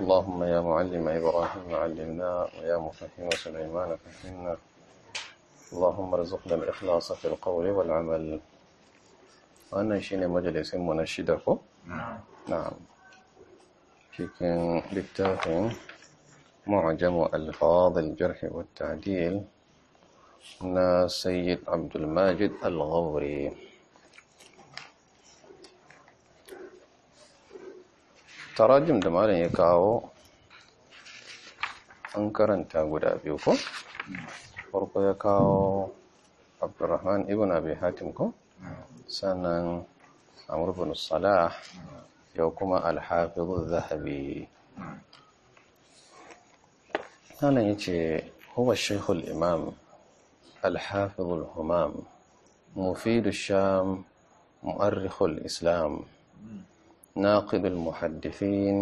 اللهم يا معلم إبراهيم علمنا ويا مفهم سليمان فهمنا اللهم ارزقنا الإخلاص في القول والعمل وأنا شيني مجلس منشدك نعم نعم cikin littafin mu'jamu alfaz al-jarh wa ta'dil na sayyid abdul tarajim da malam ya kawo an karanta guda biyu ko farko ya kawo abdurrahman ibn abi hatim ko sannan amur salah ya kuma alhafizu zahabi sannan yace ce huwa shekul imam alhafizul humam mufidu sham mu'arrikhul islam ناقد المحدثين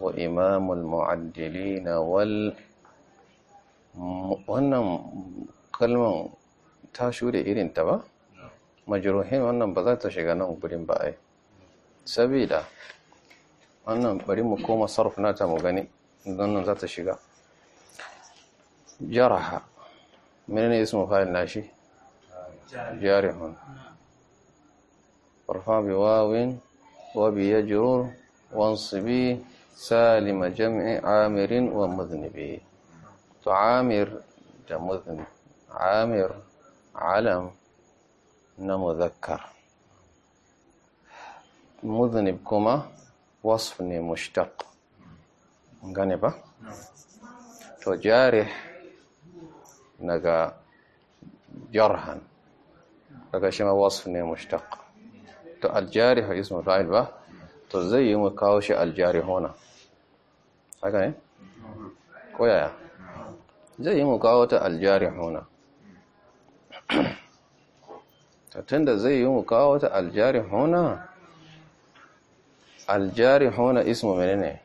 وإمام المعدلين wal wannan kalman ta shure ta ba majruhin wannan ba za ta shiga nan gurin ba ai sabida wannan bari mu koma sarf nata mu gani Wannan za ta shiga jaraha menene ismu fa'il nashi jarihun farfa bi wawin وبيجرر وانصبي سالم جمع عامر ومذنبي تعامر مذنب عامر علم نمذكر مذنب كما وصفني مشتق غنبا تجارح نجا جرحا لكن شما وصفني مشتق to aljarihu ismu fa'il ba to zai yi mu kawo shi aljarihuna haka ne ko yaya zai yi mu kawo ta aljarihuna tun da zai yi mu kawo ta aljarihuna aljarihuna ismu menene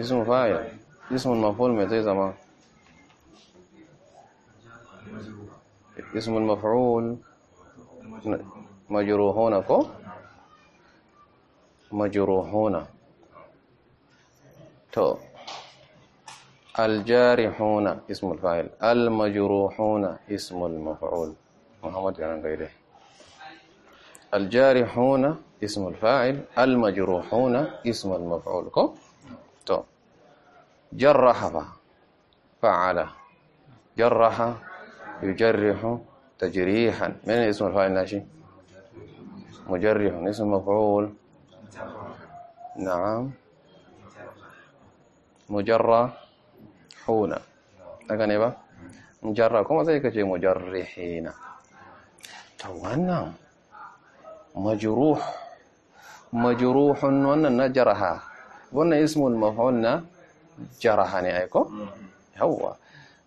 ismu fa'il اسم المفعول ما زي زمان اسم المفعول مجروحون کو مجروحون تو الجارحون اسم الفاعل المجروحون اسم المفعول محمد كان غيره الجارحون اسم الفاعل المجروحون اسم المفعول کو تو جرح فعل جرح يجرح تجريحا من اسم الفاعل ناشي مجرح اسم مفعول نعم مجرحون daga ne ba mujarra kuma sai ka ce mujarrihina ta wannan majruh majruhun wannan na jaraha wannan ismul maf'ul na jaraha ne aiko mm-hmm. yawwa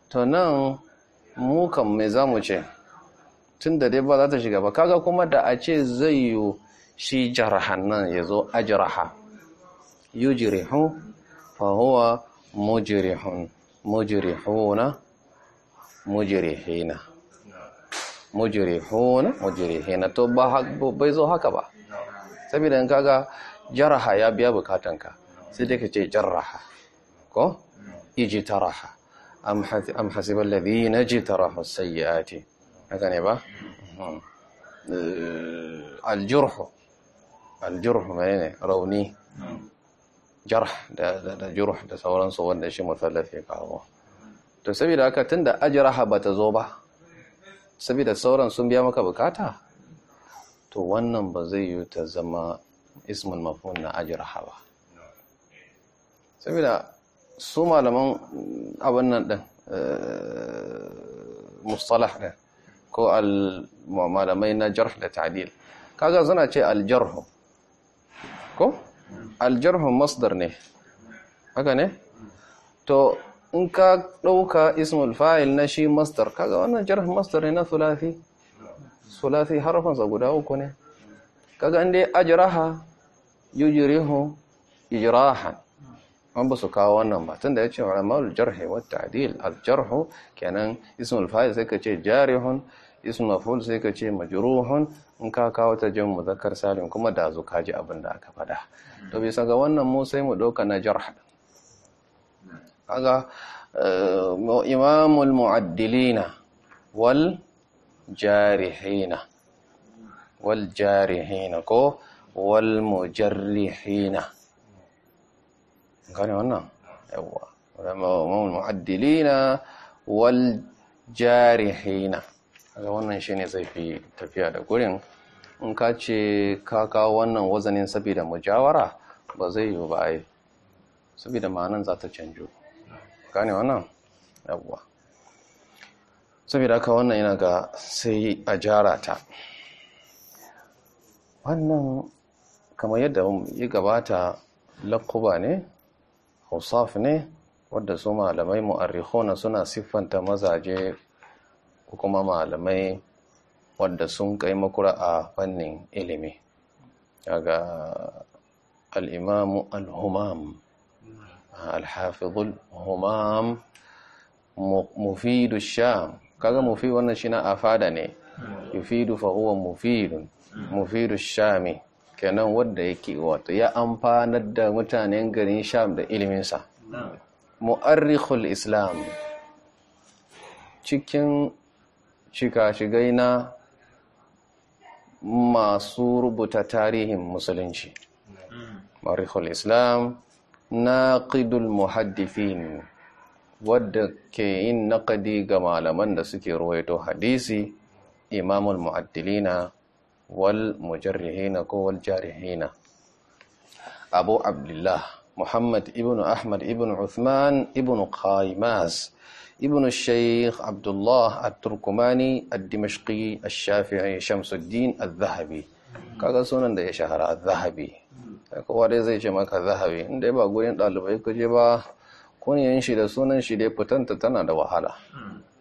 to nan mu kan me zamu ce tun da dai ba za ta shiga ba kaga kuma da a ce zai yi shi jarahan nan ya zo a jaraha yi jirihun fahowa mujirihuna mujirihina mujirihuna mujirihina to bai zo haka ba saboda in kaga jaraha ya biya bukatanka sai dai ka ce jaraha ko iji taraha am hasibar ladhi na ji tarahu sayyati haka ne ba hmm. eh, aljurhu aljurhu mai ne rauni hmm. jarh da jurh da sauransu wanda shi musallafi kawo to saboda haka tunda ba bata zo ba saboda sauran sun biya maka bukata to wannan ba zai yi ta zama ismin mafhum na ajiraha ba saboda su malaman abin nan din eh, mustalah din ko Al malamai na jarh da ta'dil kaga suna ce aljarhu ko aljarhu masdar ne haka ne to in ka ɗauka ismul fa'il na shi masdar kaga wannan jarh masdar ne na sulafi sulafi harfansa guda uku ne kaga inda ajraha yujrihu ijrahan an ba su kawo wannan da ya ce yace ulama'ul jarh wa ta'dil al-jarh kenan ismul fa'il sai ka ce jarihun ismu sai ka ce majruhun in ka kawo ta jin muzakkar salim kuma da zo kaji abin da aka fada to bisa ga wannan mu sai mu dauka na jarh kaga eh, imamul muaddilina wal jarihina wal jarihina ko wal mujarrihina gane wannan yawa imamul muaddilina wal jarihina kaga wannan shine zai fi tafiya da gurin in ka ce ka kawo wannan wazanin saboda mujawara ba zai yi ba ai saboda ma'anan za ta canjo gane wannan yabuwa saboda haka wannan yana ga sai a jara ta wannan kamar yadda yi gabata lakuba ne hausaf ne wadda su malamai mu'arrikhuna suna siffanta mazaje ko kuma malamai wadda sun kai makura a fannin ilimi daga al'imamu al'humam al'hafizul humam mufidu sham kaga mufi wannan shi na afada ne mufidu fahuwa mufidun mufidu shami kenan wadda yake wato ya amfanar da mutanen garin sham da iliminsa mu'arrikhul islam cikin shika-shigai na masu rubuta tarihin musulunci marihul islam ƙidul muhaddifin wadda ke yin naƙadi ga malaman da suke ruwaito hadisi imamul mu'addilina wal mujarrihina ko wal jarihina abu abdullah muhammad ibn ahmad ibn uthman ibn qaimas ابن الشيخ عبد الله التركماني الدمشقي الشافعي شمس الدين الذهبي kaga sunan da ya shahara zahabi kowa dai zai ce maka zahabi inda ba gurin dalibai kaje ba kunyan shi da sunan shi dai fitanta tana da wahala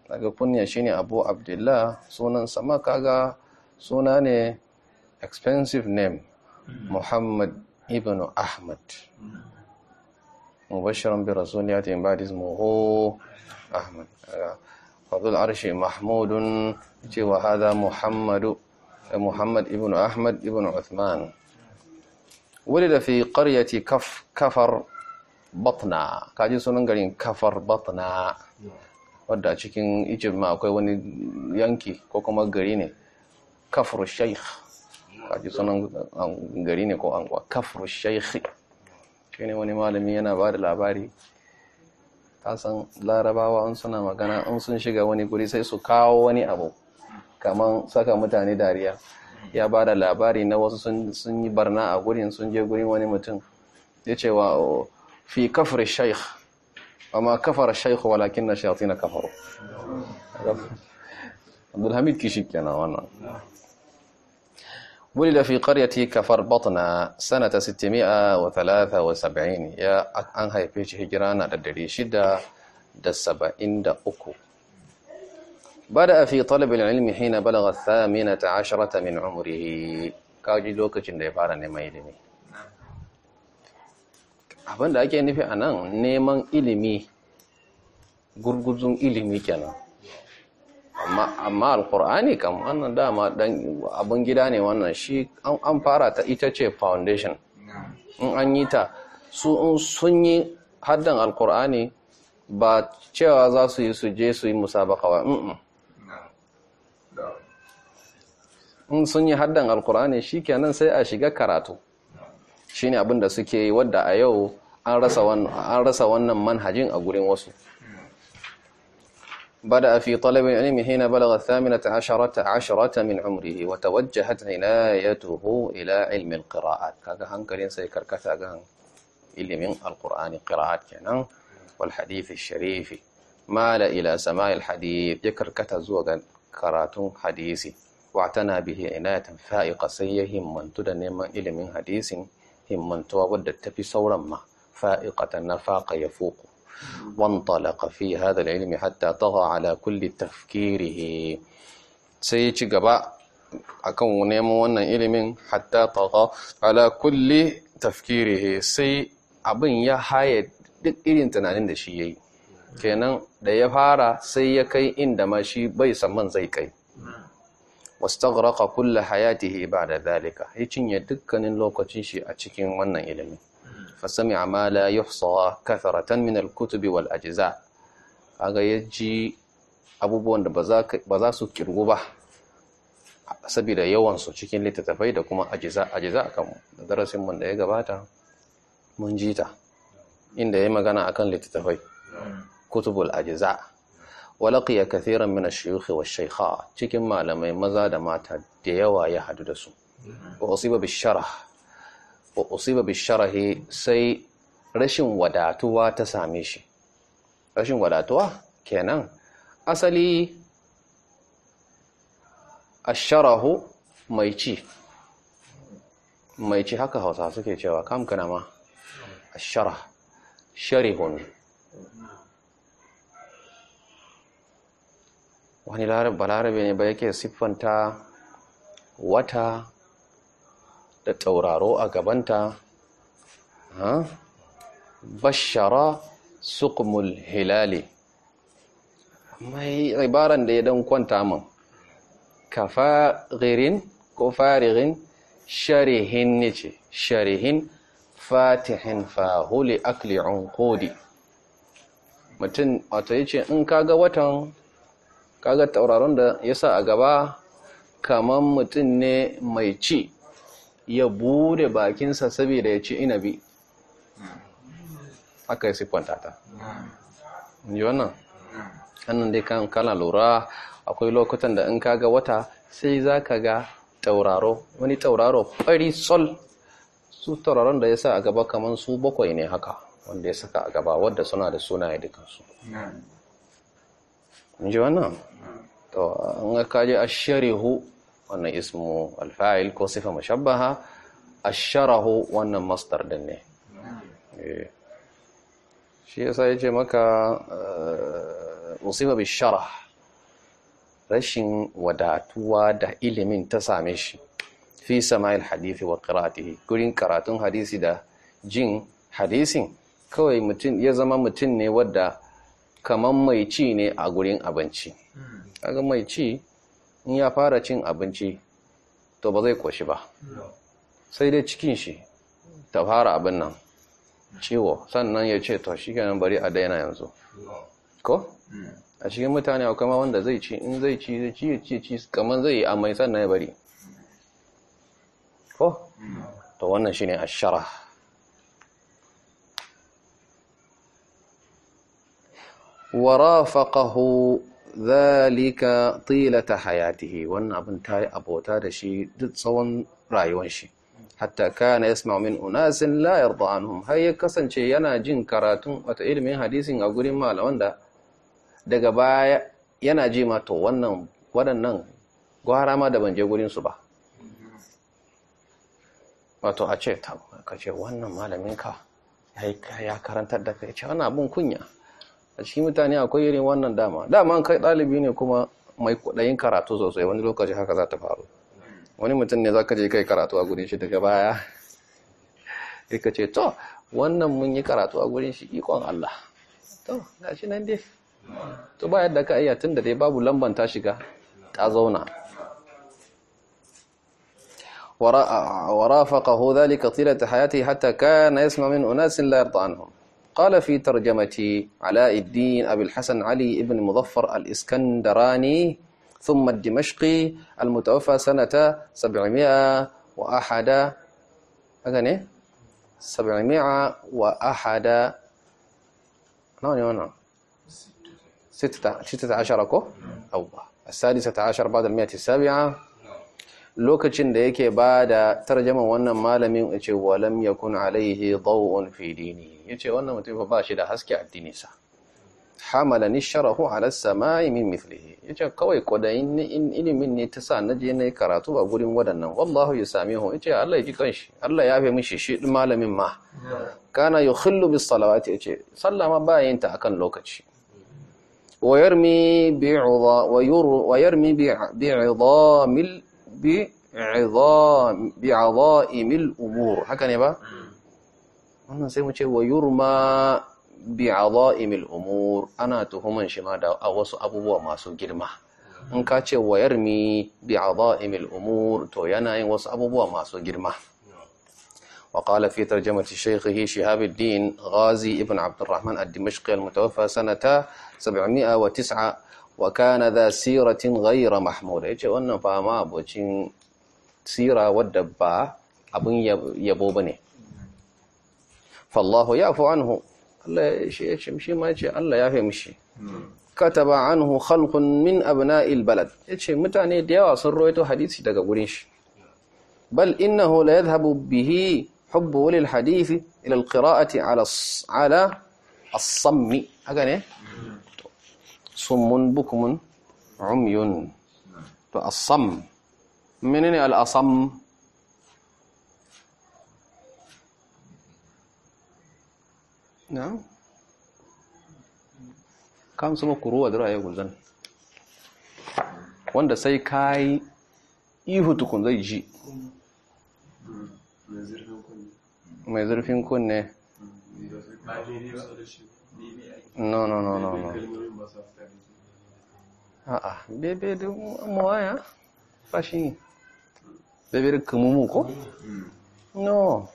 daga kunya shine abu abdullah sunan sama kaga suna ne expensive name muhammad ibn ahmad mubashiran bi rasuliyatin ba ismuhu ahmad fardul arshi mahmudun cewa hada muhammadu muhammad ibn ahmad ibn uthman ولد في قرية كف kafar batna kaji sunan garin kafar batna wadda a cikin egypt ma akwai wani yanki ko kuma gari ne kafar sheikh kaji sunan gari ne ko anguwa kafar sheikh shi ne wani malami yana ba da labari kasan larabawa in suna magana in sun shiga wani guri sai su kawo wani abu kamar saka mutane dariya ya ba da labari na wasu sun yi barna a gurin sun je gurin wani mutum ya ce wa oh, fi kafar shaikh amma kafar shaikh walakin na shayatina kafaru abdulhamid kishi kenan wannan ولد في قرية كفربطنا سنة 673 يا أن ya an haife ددري شدة da saba'in da uku bada fi talibin ilmi hina balaga thamina ta asharata min umrihi kaji lokacin da ya fara neman ilimi abinda ake nufi a nan neman ilimi gurguzun ilimi kenan amma alkur'ani kam wannan dama dan abin gida ne wannan shi an fara ta ita ce foundation in an yi ta su in sun yi haddan alkur'ani ba cewa za su yi su je su yi musabaka ba in sun yi haddan alkur'ani shi kenan sai a shiga karatu shi ne abin da suke yi wadda a yau an rasa wannan manhajin a gurin wasu بدأ في طلب العلم حين بلغ الثامنة عشرة عشرة من عمره وتوجهت عنايته إلى علم القراءات كذا كرين سيكر إلى من القرآن قراءات كنا والحديث الشريف مال إلى سماع الحديث يكر كثا كراتون حديثي واعتنى به عناية فائقة سيه من إلى من حديث من توا ودت في صورا ما فائقة نفاق يفوق وانطلق في هذا العلم حتى طغى على كل تفكيره sai ya ci gaba akan neman wannan ilimin hatta taqa ala kulli tafkirihi sai abin ya haye duk irin tunanin da shi yayi kenan da ya fara sai ya kai inda ma shi bai saman zai kai wastaghraqa kulla hayatihi ba'da dhalika ya cinye dukkanin lokacin shi a cikin wannan ilimin فسمع ما لا يحصى كثرة من الكتب والأجزاء kaga ya ji abubuwan da ba za su kirgu ba saboda yawansu cikin littattafai da kuma ajiza ajiza akan da darasin mun da ya gabata mun jita, ta inda ya magana akan littattafai kutubul ajiza walaqiya kathiran min ash-shuyukh wash-shaykhat cikin malamai maza da mata da yawa ya hadu da su wa usiba bi-sharh wa usiba sharahi sai rashin wadatuwa ta same shi rashin wadatuwa kenan asali asharahu mai ci mai ci haka hausa suke cewa kam kana ma ashara sharihun wani larabe ne ba yake siffanta wata da tauraro a gabanta bashara sukumul hilali mai ribaran da ya dan kwanta min kafaririn ko faririn sharihin ce. sharihin fatihin fahuli akli kodi mutum wato yace in kaga watan kaga tauraron da ya sa a gaba Kamar mutum ne mai ci ya bude bakinsa saboda ya ci inabi aka yi siffanta ta yi wannan hannun dai kan kana lura akwai lokutan da in kaga wata sai za ka ga tauraro wani tauraro fari sol su tauraron da ya sa a gaba kamar su bakwai ne haka wanda ya saka a gaba wadda suna da sunaye dukansu in ji wannan to an ka je a shari'u wannan ismu alfa'il ko sifa mashabbaha asharahu wannan mastar din ne eh. shi yasa yace maka musifa eh, bai rashin wadatuwa da ilimin ta same shi fi sama'il hadisi wa qira'atihi gurin karatun hadisi da jin hadisin kawai mutum ya zama mutum ne wadda kamar mai ci ne a gurin abinci hmm. kaga mai ci in ya fara cin abinci to ba zai koshi ba sai dai cikin shi ta fara abin nan ciwo sannan ya ce to shi ganin bari a daina yanzu ko a cikin mutane a kama wanda zai ci in zai ci zai ci ci ci zai yi amai sannan ya bari ko to wannan shi ne ashara warafaqahu zalika tilata hayatihi wannan abin ta yi abota da shi duk tsawon rayuwar shi hatta kana yasma min unasin la yarda anhum har ya kasance yana jin karatun wata ilimin hadisin a gurin malaman da daga baya yana ji ma to wannan waɗannan gwara ma da ban je gurin su ba wato a ce ta ka ce wannan malamin ka ya karantar da kai ce wannan abin kunya a cikin mutane akwai irin wannan dama dama kai ɗalibi ne kuma mai kudayin karatu sosai wani lokaci haka za ta faru wani mutum ne za ka je kai karatu a gurin shi daga baya ika ce to wannan mun yi karatu a gurin shi ikon Allah to shi nan dai to ba yadda ka iya da dai babu lamban ta shiga ta zauna ورافقه ذلك طيلة حياته حتى كان يسمع من أناس لا يرضى عنهم قال في ترجمة علاء الدين أبي الحسن علي بن مظفر الإسكندراني ثم الدمشقي المتوفى سنة 701 أغني سبعمائة وأحد هنا إيه؟ نعم، نعم، نعم. ستة عشر أو السادسة عشر بعد المئة السابعة lokacin da yake ba da tarjaman wannan malamin ya ce walam ya kun alaihi dawon fidini ya ce wannan mutum ba shi da haske sa. hamala ni sharahu ala sama'i min mithlihi ya ce kawai kwadayin ilimin ne ta sa na je na yi karatu a gurin waɗannan wallahu ya sami hu ya ce allah ya ji kanshi allah ya fi mishi shi malamin ma kana ya khillu bis salawati ya ce sallama bayan ta akan lokaci ويرمي mil? بعظائم الأمور haka ne ba wannan sai mu ce wa yurma بعظائم ana tuhuman shi ma da wasu abubuwa masu girma in ka ce wa yarmi بعظائم الأمور to yana yin wasu abubuwa masu girma وقال في ترجمة شيخه شهاب الدين غازي ابن عبد الرحمن الدمشقي المتوفى سنة wa kana za siratin gaira mahmuda ce wannan fa ma abocin sira wadda ba abin yabo bane fallahu fi anhu Allah Ya ce shi ma yace Allah yafe mishi kataba anhu khalqun min abna'il balad yace mutane da yawa sun rawaito hadisi daga gurin shi bal innahu la yadhhabu bihi hubbu lil hadisi ila al ala asammi haka ne summun bukumun umyun to asam menene al'asam na kam sama kuruwa da ra'ayi gunzan wanda sai ka yi ihu tukun zai ji mai zurfin kunne no no no no no a'a bebe de mawaya fashin bebe da kamumu ko? no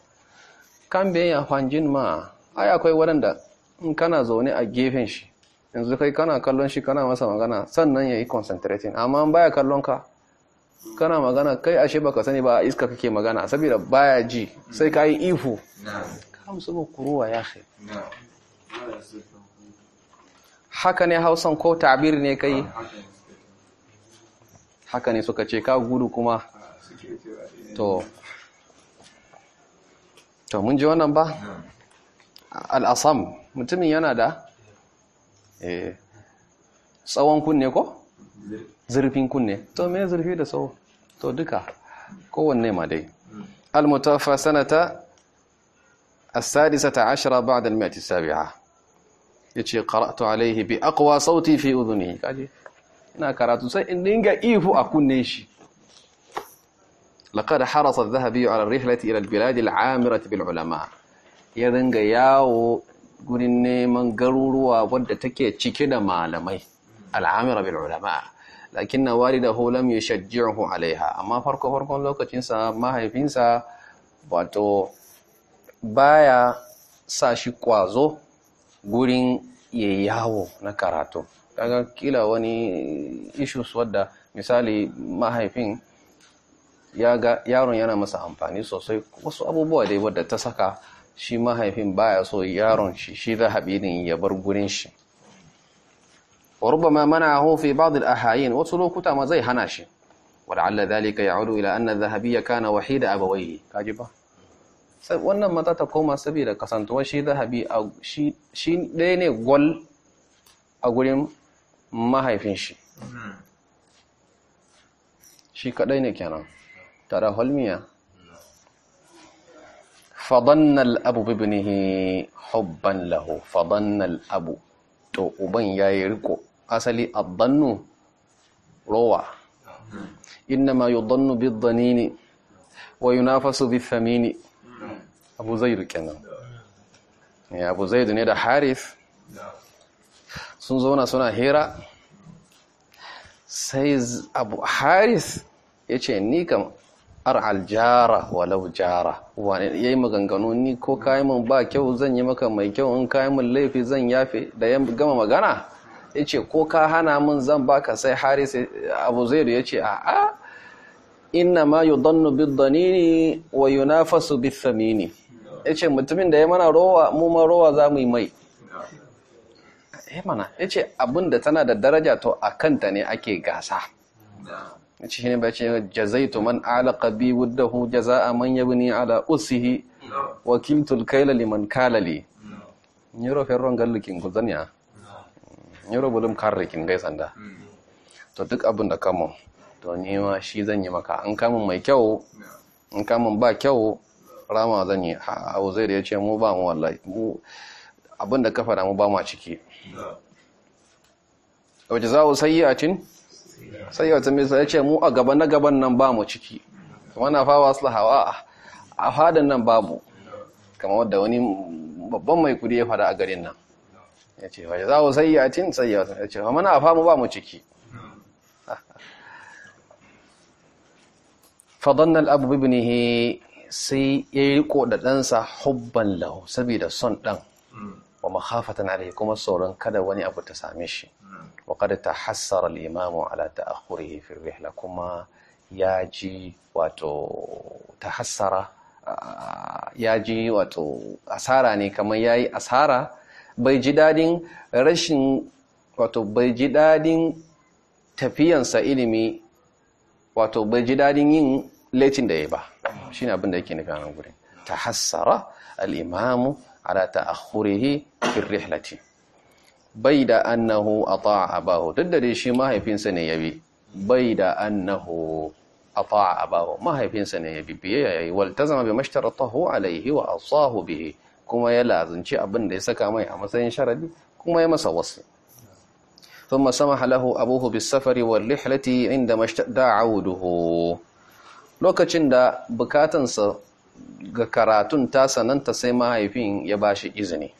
kan ya fanjin ma ai akwai waɗanda in kana zaune a gefen shi yanzu kai kana kallon shi kana masa magana sannan ya yi concentrating amma baya kallon ka kana magana kai ashe baka sani ba iska kake magana saboda baya ji sai kai ifu. Na'am. kamsu ba kuruwa ya shi haka ne hausan ko tabir ne kai ah, haka ne suka ce ka gudu kuma ah, eh. to to mun ji wannan ba al'asam mutumin yana da eh, tsawon kunne ko zurfin kunne to me zurfi da tsawo to duka kowanne ma dai hmm. al-mutawaffa sanata السادسة sadisata بعد المئة السابعة yace qara'tu alaihi bi aqwa sauti fi udhunihi kaje ina karatu sai in dinga ihu a kunne shi laqad harasa adh-dhahabi ala ar-rihlati ila al-bilad al bil ulama ya dinga yawo gurin neman garuruwa wadda take cike da malamai al-amira bil ulama lakinna walidahu lam yushajji'uhu alaiha amma farko farkon lokacin sa mahaifinsa wato baya sa shi kwazo gurin ya yawo na karatu kaga kila wani issues wadda misali mahaifin ya ga yaron yana masa amfani sosai wasu abubuwa dai wadda ta saka shi mahaifin baya so yaron shi shi zahabi ne ya bar gurin shi mana وربما منعه في بعض الأحايين وسلوكه ما زي هناشي ولعل ذلك يعود إلى أن الذهبي كان وحيد أبويه كاجبه wannan mata ta koma saboda kasantuwa shi zahabi shi ɗaya ne gwal a gurin mahaifin shi shi kaɗai ne kenan tara holmiya fadannal abu bibinihi hubban lahu fadannal abu to uban ya yi riko asali abdannu rowa inna ma yi dannu biddanini wa yunafasu bithamini abu zaidu kenan eh, abu zaidu ne da harif sun zauna suna hira sai abu harif ya ce ni kam Ar aljara walau jara wani ya yi maganganu ni ko kayan mun ba kyau zan yi maka mai kyau in kayan mun laifi zan yafe da ya gama magana ya ce ko ka hana mun zan baka sai haris abu zaidu ya ce a'a inna ma yudannu bid-danini wa yunafasu bith-thamini ya ce mutumin da ya mana rowa mu ma rowa za mu yi mai ya eh mana ya ce abinda tana da daraja to a kanta ne ake gasa ya ce shi ne bacin jazaitu man alaka bi wuddahu jaza'a man ni ala usihi wakiltul kaila man kalali yoro ferron gallikin kuzaniya yoro bulim karrikin gaisanda to duk abin da kamun to nema shi zan yi maka an kamun mai kyau in kamun ba kyau rama zan yi ha da ya ce mu ba mu wallahi mu abinda ka fara mu ba mu a ciki wa jazaa'u sayyi'atin sayyi'atun misal ya ce mu a gaban na gaban nan ba mu ciki wana su hawa a fadin nan babu kamar wadda wani babban mai kudi ya fara a garin nan ya ce wa sayi sayyi'atin sayyi'atun ya ce kuma mana fa mu ba mu ciki فظن الأب بابنه sai ya yi riko da ɗansa hubban lahu saboda son ɗan wa mahafatan alaihi kuma tsoron kada wani abu ta same shi wa kada ta hassara al'imamu ala ta'akhurihi fi rihla kuma ya ji wato ta hassara ya ji wato asara ne kamar ya yi asara bai ji dadin rashin wato bai ji dadin tafiyansa ilimi wato bai ji dadin yin latin da ya ba shine abin da yake nufi a nan gurin tahassara al-imamu ala ta'akhurihi fir rihlati bai da annahu ata'a abahu duk da dai shi mahaifinsa ne yabi bai da annahu ata'a abahu mahaifinsa ne yabi biyayya yayi wal tazama bi mashtaratahu alaihi wa asahu bihi kuma ya lazunci abin da ya saka mai a matsayin sharadi kuma ya masa wasu ثم سمح له أبوه بالسفر والرحلة عندما اشتد عوده lokacin da bukatansa ga karatun ta sananta sai mahaifin ya ba shi izini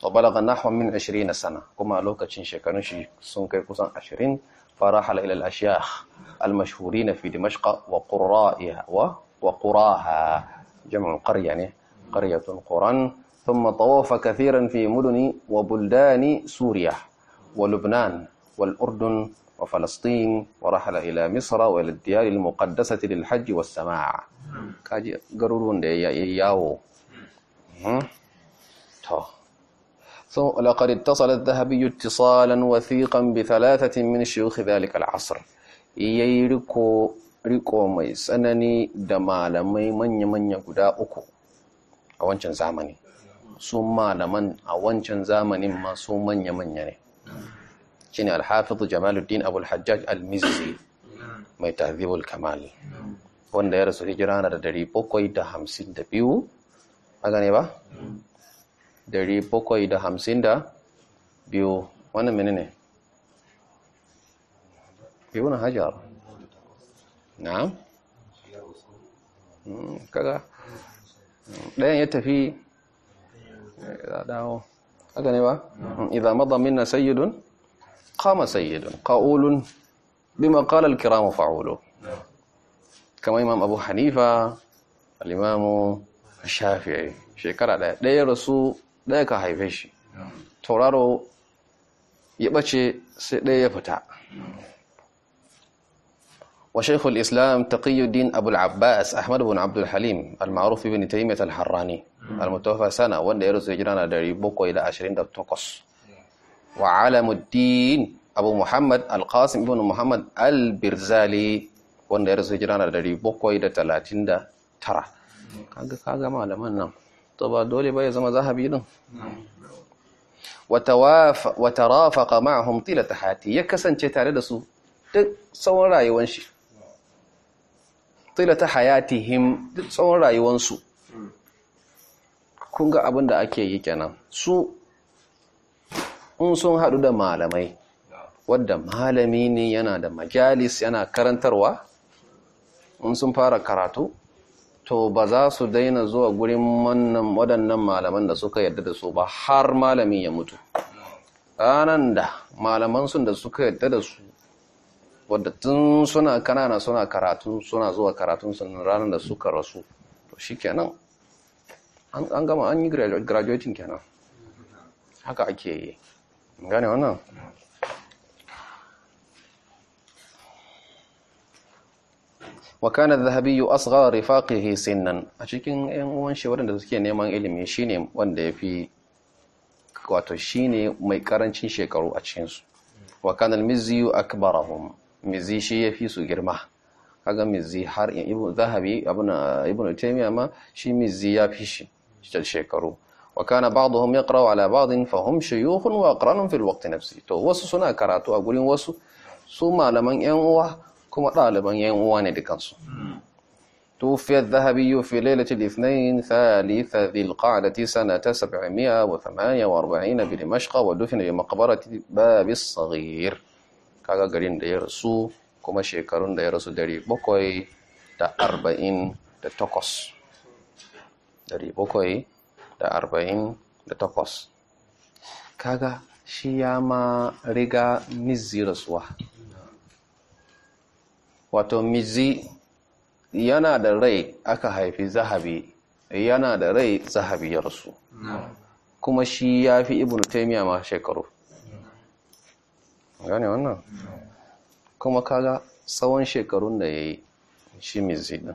wa balaga nahwan min 20 sana kuma lokacin shekarun shi sun kai kusan 20 فرحل إلى wa المشهورين في دمشق وقرائها ne جمع القرية يعني قرية قرى fi طواف wa buldani suriya wa lubnan wal urdun وفلسطين ورحل إلى مصر وإلى الديار المقدسة للحج والسماع كاجي قرورون دي ياو ثم لقد اتصل الذهبي اتصالا وثيقا بثلاثة من شيوخ ذلك العصر يريكو riko mai tsanani da malamai manya-manya guda uku a wancan zamani su malaman زامني ما سوما يمن manya-manya يعني. ne shine al-hafiz jamaluddin abul hajjaj al-mizzi mai tahdhibul kamal wanda ya rasu hijira na da 752 haka ne ba 752 wannan menene ibn hajar na'am hmm, kaga ɗayan ya tafi ya eh, dawo haka ne ba hmm, idan madammin na sayyidun قام سيد قاول بما قال الكرام فعوله كما إمام أبو حنيفة الإمام الشافعي شكرا لا لا رسول لا كهيفش تورارو يبتشي سيد يفتع وشيخ الإسلام تقي الدين أبو العباس أحمد بن عبد الحليم المعروف بن تيمية الحراني المتوفى سنة وان يرسل جرانا داري بوكو إلى عشرين دبتوكس دا wa alamuddin abu muhammad alqasim ibn muhammad albirzali wanda ya rasu hijira na 739 kaga kaga malaman nan to ba dole ba ya zama zahabi din wa tarafaqa ma'ahum tilata hati ya kasance tare da su duk tsawon rayuwar shi tilata hayatihim duk tsawon rayuwar su kun ga abin da ake yi kenan su in sun haɗu da malamai wadda malami ne yana da majalis yana karantarwa in sun fara karatu to ba za su daina zuwa gurin wannan waɗannan malaman da suka yarda da su ba har malamin ya mutu ranar da malaman sun da suka yarda da su wadda tun suna kanana suna karatu suna zuwa karatun sun ranar da suka rasu to shi kenan an gama an yi graduating kenan haka ake yi gane wannan kana zahabi yi asghar rifaqihi nan a cikin yan uwan shi waɗanda suke neman ilimi shine wanda ya fi wato shine mai karancin shekaru a cikinsu su wakana al-mizzi hun, mizi shi fi su girma kaga Mizi har yin zahabi ibn ibn ma shi ya yafi shi shekaru وكان بعضهم يقرأ على بعض فهم شيوخ وأقران في الوقت نفسه تو وسو سنا كراتو أقولين وسو سو ما لمن ينوى كما لمن ينوى ندكنسو توفي الذهبي في ليلة الاثنين ثالث ذي القعدة سنة 748 وثمانية واربعين بلمشق ودفن بمقبرة باب الصغير كاقا قرين دي رسو كما شكرون دي رسو داري بوكوي دا أربعين دا توكوس داري بوكوي da arba'in da takwas kaga shi ya ma riga mizzi rasuwa wato mizzi yana da rai aka haifi zahabi yana da rai zahabi ya rasu kuma shi ya fi ibn taimiyya ma shekaru gane wannan kuma kaga tsawon shekarun da ya yi shi mizzi din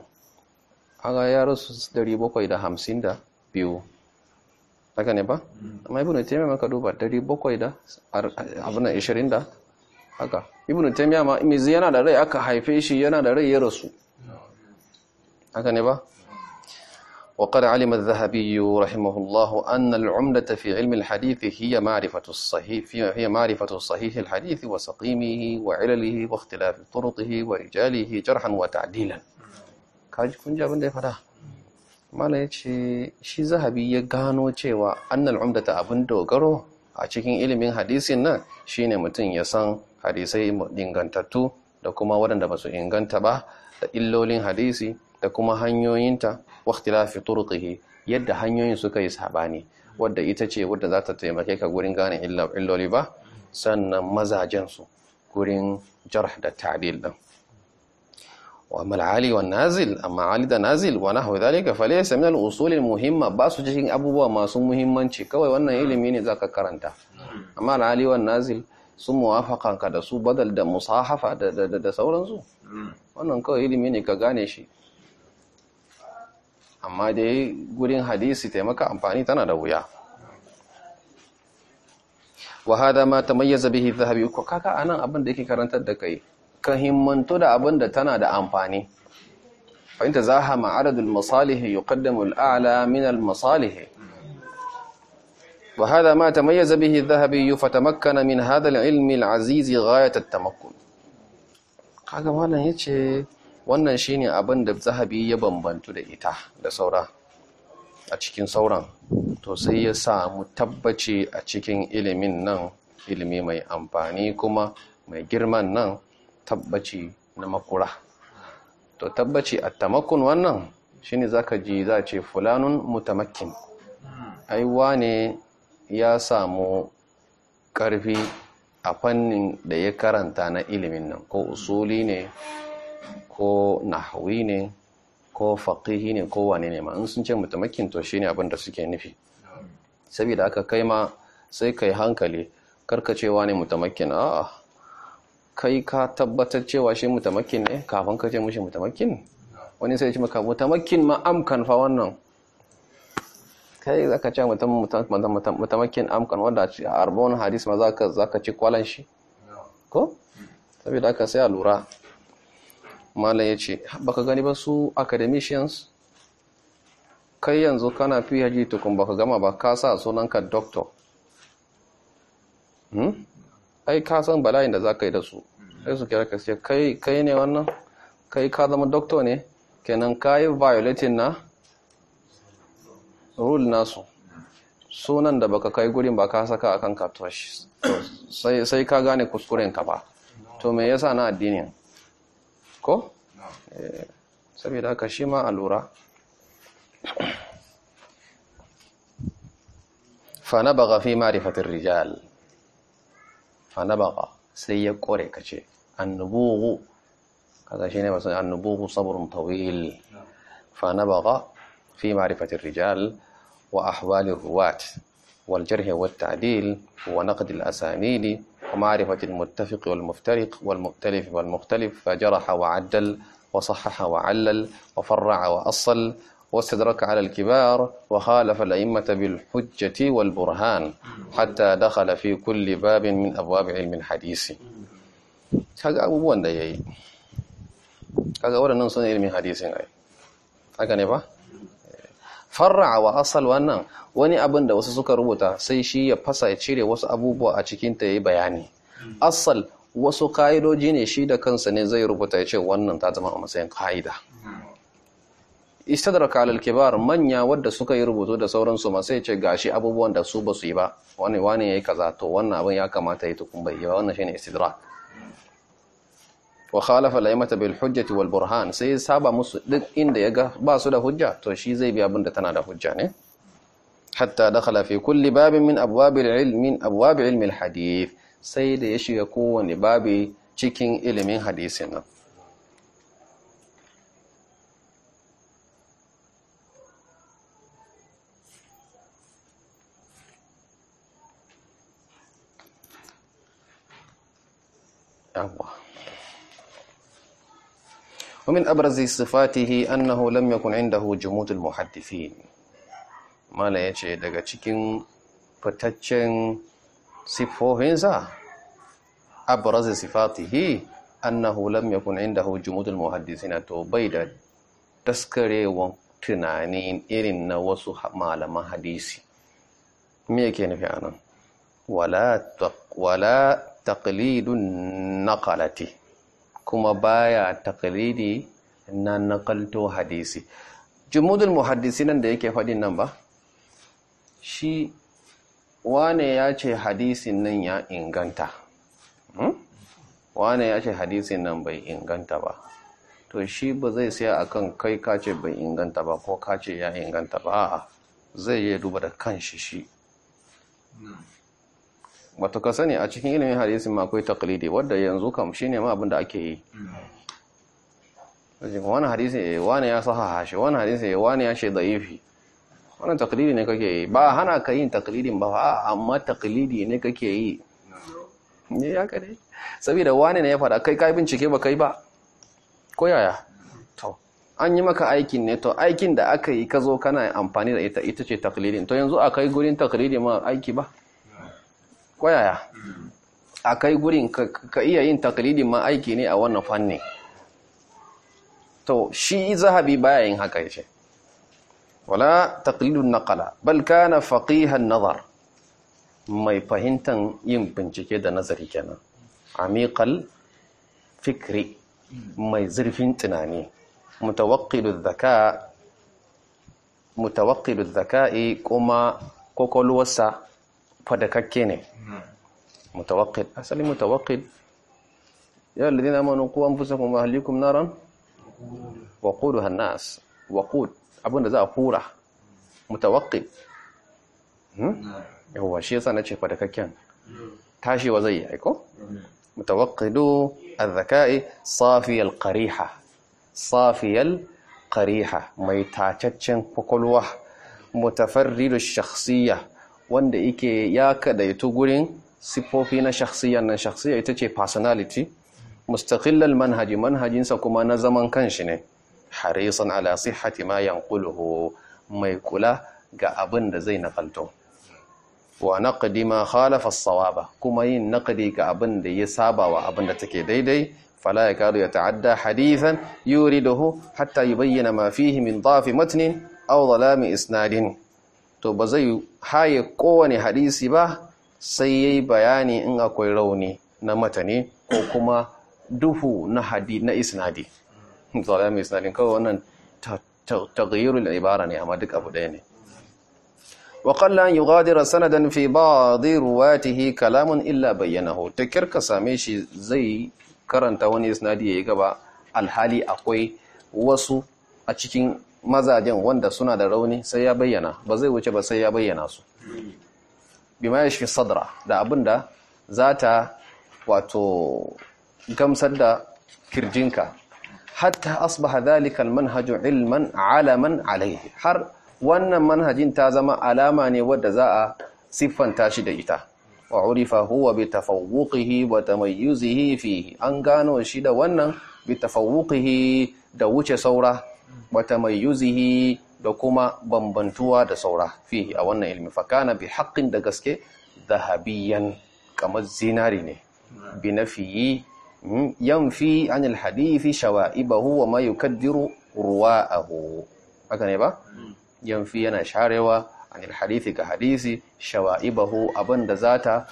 aga ya rasu 752 haka ne ba mm. amma ibnu taymiya maka duba 700 da abin 20 da haka ibnu taymiya ma imizi yana da rai aka haife shi yana da rai ya rasu haka ne ba وقد علم الذهبي رحمه الله أن العمدة في علم الحديث هي معرفة الصحيح هي معرفة الصحيح الحديث وسقيمه وعلله واختلاف طرقه ورجاله جرحا وتعديلا كاج كن جابن ده mana ya ce shi zahabi ya gano cewa annal ta abin dogaro a cikin ilimin hadisin nan shi ne mutum ya san hadisai ingantattu da kuma waɗanda ba su inganta ba da illolin hadisi da kuma hanyoyinta lafi turkihi yadda hanyoyin suka yi sabani wadda ita ce wadda za ta taimake ka gurin gane illoli ba sannan mazajensu gurin jarh da ta'dil ɗin وأما العالي والنازل أما عالي da nazil wa nahwa dhalika falaysa min al-usul al-muhimma ba su cikin abubuwa masu muhimmanci kawai wannan ilimi ne zaka karanta amma al-ali wan nazil sun muwafakan ka da su badal da musahafa da da sauransu wannan kawai ilimi ne ka gane shi amma dai gurin hadisi taimaka amfani tana da wuya wa hada ma tamayyaza bihi dhahabi ko kaka anan abin da yake karantar da kai ka himmantu da abin da tana da amfani fahimta za ha ma'aradul masalihi yi ƙaddamul ala minal masalihi وهذا ما تميز به الذهبي فتمكن min هذا العلم azizi غاية التمكن kaga wannan ce wannan shine abin da zahabi ya bambantu da ita da saura a cikin sauran to sai ya samu tabbaci a cikin ilimin nan ilimi mai amfani kuma mai girman nan tabbaci na makura to tabbaci a tamakun wannan za ka ji za ce fulanun mutamakin ai wane ya samu karfi a fannin da ya karanta na ilimin nan ko usuli ne ko nahawi ne ko faƙihi ne ko wane ne ma in sun ce mutamakin to shi abin da suke nufi Sabida aka kai ma sai kai hankali karkacewa ne mutamakin a'a kai ka tabbatar cewa shi mutamakin ne kafin ka ce mushi mutamakin wani sai ce maka mutamakin ma amkan fa wannan kai zaka ce mutamakin amkan wanda a arbon hadis ma zaka zaka ci kwalan shi ko saboda haka sai a lura malam yace baka gani ba su academicians kai yanzu kana PhD tukun baka gama ba ka sa sunanka doctor hmm? ai ka san bala'in da za ka yi da su sai su kira ka kai ne wannan kai ka zama doktor ne kenan ka yi violating na rule nasu sunan da baka kai gurin ba ka saka akan kan sai sai ka gane kuskuren ka ba to me yasa na addinin ko eh, saboda ka shi ma alura fa na baga fi ma'rifatir rijal فنبغى سي كوري كشي النبوغ هذا شيء النبوغ صبر طويل فنبغى في معرفة الرجال وأحوال الرواة والجرح والتعديل ونقد الأسانيد ومعرفة المتفق والمفترق والمختلف والمختلف فجرح وعدل وصحح وعلل وفرع وأصل واستدرك على الكبار وخالف الأئمة بالحجة والبرهان حتى دخل في كل باب من أبواب علم الحديث kaga abubuwan da yayi kaga waɗannan sun ilmin hadisin ai haka ne ba farra wa asal wannan wani abin da wasu suka rubuta sai shi ya fasa cire wasu abubuwa a cikin ta yayi bayani asal wasu ka'idoji ne shi da kansa ne zai rubuta ya ce wannan ta zama a matsayin ƙa'ida. istadraka alal kibar manya wadda suka yi rubutu da sauransu ma sai ce gashi abubuwan da su basu yi ba wani wani yayi kaza to wannan abin ya kamata yi tukun bai yi ba wannan shine istidrak wa khalafa al-aimata bil hujjati wal burhan sai saba musu duk inda ya ga ba su da hujja to shi zai bi abin da tana da hujja ne hatta dakhala fi kulli babin min abwabil ilm min abwabil al-hadith sai da ya shiga kowane babi cikin ilimin hadisin nan yawwa ومن أبرز صفاته أنه لم يكن عنده جمود المحدثين ما لا يجي daga cikin fitaccen sifohinsa أبرز صفاته أنه لم يكن عنده جمود المحدثين to bai da taskarewan tunani irin na wasu malaman hadisi me yake nufi anan wala wala na naqalati kuma baya taqlidi na naƙalto hadisi jumudul nan da yake faɗin nan ba shi wane ya ce hadisin nan ya inganta hmm? wane ya ce hadisin nan bai inganta ba to shi ba zai siya akan kai kace bai inganta ba ko kace ya inganta ba zai yi duba da kanshi shi hmm. wato ka sani a cikin ilimin hadisi ma akwai taqlidi wanda yanzu kam shine ma abin da ake yi wani hadisi eh, wani ya saha shi wani hadisi eh, wani ya shi da'ifi wani taqlidi ne kake yi ba hana ka yin taqlidin ba amma taqlidi ne kake yi ne ya kare saboda wani ne ya fada kai kai bincike ba kai ba ko yaya to an yi maka aikin ne to aikin da aka yi ka zo kana amfani da ita ita ce taqlidin to yanzu akai gurin taqlidi ma aiki ba koyaya a kai gurin ka iya yin taklidin ma aiki ne a wannan fanni to shi zahabi baya yin haka yace wala taqlidun naqala bal kana faqihan nazar mai fahimtan yin bincike da nazari kenan amiqal fikri mai zurfin tunani mutawaqqilul zaka mutawaqqilul zaka'i kuma kokolwarsa fadakakke ne mutawaqqid asali mutawaqqid ya alladhina amanu qu anfusakum wa ahlikum naran waquduha an-nas waqud abinda za a hura mutawaqqid hmm? yawa shi yasa nace fadakakken tashi wa zai aiko mutawaqqidu adh-dhaka'i safi al-qariha safi al-qariha mai tacaccen kwakwalwa mutafarridu shakhsiyya wanda yake ya kadaitu gurin siffofi na shakhsiyyar nan shakhsiyya ita ce personality mustaqillal manhaji manhajinsa kuma na zaman kanshi ne harisan ala sihhati ma yanquluhu mai kula ga abin da zai nakalto wa naqdi ma khalafa as-sawaba kuma yin naqdi ga abin da ya saba wa abin da take daidai fala yakadu yata'adda hadithan yuriduhu hatta yubayyana ma fihi min dhafi matnin aw dhalami isnadin to ba zai haye kowane hadisi ba sai ya yi bayani in akwai rauni na matane ko kuma duhu na hadi na isnadi zaune mai isnadin kawai wannan da ibara ne amma duk abu daya ne Waƙalla qalla an yughadira sanadan fi ta yi kalamun illa ho ta kirka same shi zai karanta wani isnadi ya yi gaba alhali akwai wasu a cikin mazajen wanda suna da rauni sai ya bayyana ba zai wuce ba sai ya bayyana su bima ya shi sadra da abinda za ta wato gamsar da kirjinka hatta asbaha dhalika manhaju ilman alaman alayhi har wannan manhajin ta zama alama ne wadda za a siffanta shi da ita wa urifa huwa bi tafawwuqihi wa tamayyuzihi fihi an gano shi da wannan bi tafawwuqihi da wuce saura Wata yuzihi da kuma bambantuwa da saura fihi a wannan ilmi fakana bi haƙƙin da gaske zahabiyan kamar zinari ne bi nafiyi hmm, yanfi anil shawa shawa'ibahu wa ma a ruwa'ahu haka ne ba fi yana sharewa anil hadithi ga hadisi shawa'ibahu abinda ta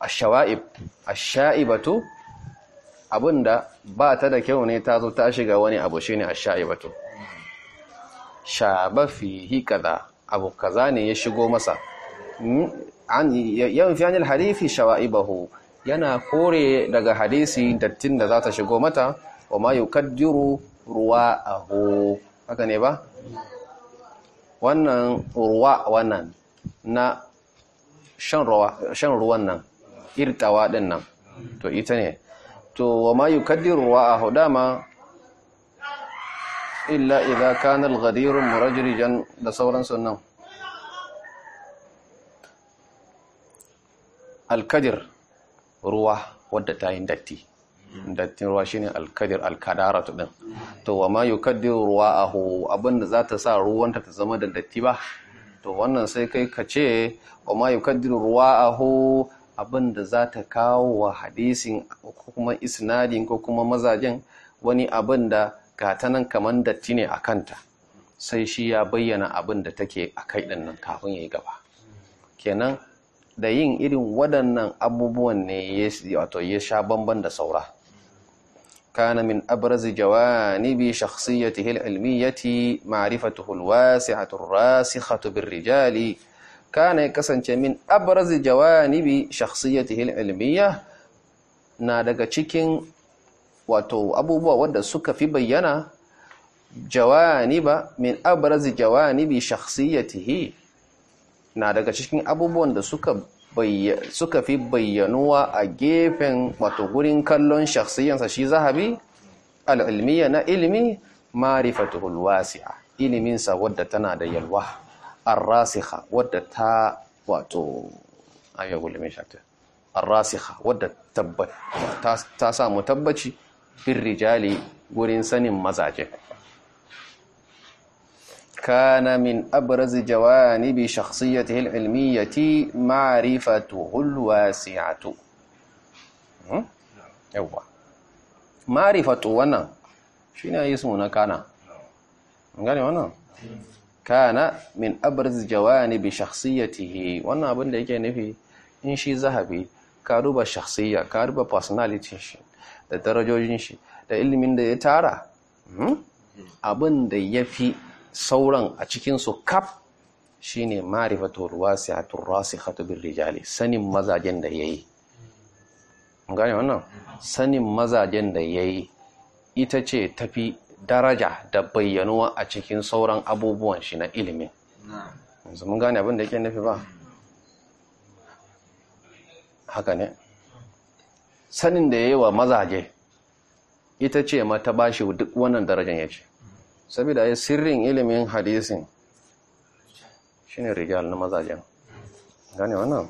a shawaib ash-sha'ibatu abinda ba ta da kyau ne ta zo ta shiga wani abu shine ash-sha'ibatu shaba fihi kaza abu kaza ne ya shigo masa hmm, an yanfi anil hadithi shawa'ibahu yana kore daga hadisi dattin da za ta shigo mata wa ma yukaddiru ruwa'ahu haka ne ba wannan ruwa wannan na shan ruwan nan irtawa din nan to ita ne to wa ma yukaddiru wa'ahu dama illa idan kana al-ghadir murajrijan da sauran sunan al-kadir ruwa wadda ta yi datti dattin ruwa shine al-kadir al-kadara to din to wa ma yukaddiru ruwa'ahu abinda za ta sa ruwan ta zama da datti ba to wannan sai kai ka ce wa ma yukaddiru ruwa'ahu abin da za ta kawo wa hadisin ko kuma isnadin ko kuma mazajen wani abin da gata kamar datti ne a kanta sai shi ya bayyana abin da take a kai kafin ya yi gaba kenan da yin irin waɗannan abubuwan ne wato ya sha bamban da saura kana min abrazi jawanibi shakhsiyatihi al-ilmiyati ma'rifatuhu al-wasi'atu ar-rasikhatu bir-rijali kana ya kasance min abrazi jawanibi shakhsiyatihi al-ilmiyya na daga cikin wato abubuwa wadda suka fi bayyana jawaniba min abrazi jawanibi shakhsiyatihi na daga cikin abubuwan da suka suka fi bayyanuwa a gefen wato gurin kallon shakhsiyansa shi zahabi al-ilmiyya na ilmi ma'rifatuhul wasi'a sa wadda tana da yalwa الراسخة ودتا واتو أيوة أقول لي مش الراسخة ودتا تب تاسا متبتشي في الرجال ورنسان مزاجة كان من أبرز جوانب شخصيته العلمية معرفته الواسعة أيوة معرفته وانا شنو اسمه كان نعم. قال وانا kana min bi jawanibi shakhsiyatihi wannan abin da yake nufi in shi zahabi ka duba shakhsiya ka duba personality shi da darajojin shi da ilimin da ya tara hmm? abin da ya fi sauran a cikin su kaf shine ma'rifatu ruwasi'atu rasikhatu bir rijali sanin mazajen da yayi gane wannan sanin mazajen da yayi ita ce tafi daraja da bayyanuwa a cikin sauran abubuwan shi na ilimin yanzu mun gane abin da yake nufi ba haka ne sanin da ya yi wa mazaje ita ce ma ta bashi duk wannan darajan ya ce saboda ya sirrin ilimin hadisin shi ne rigal na mazajen gane wannan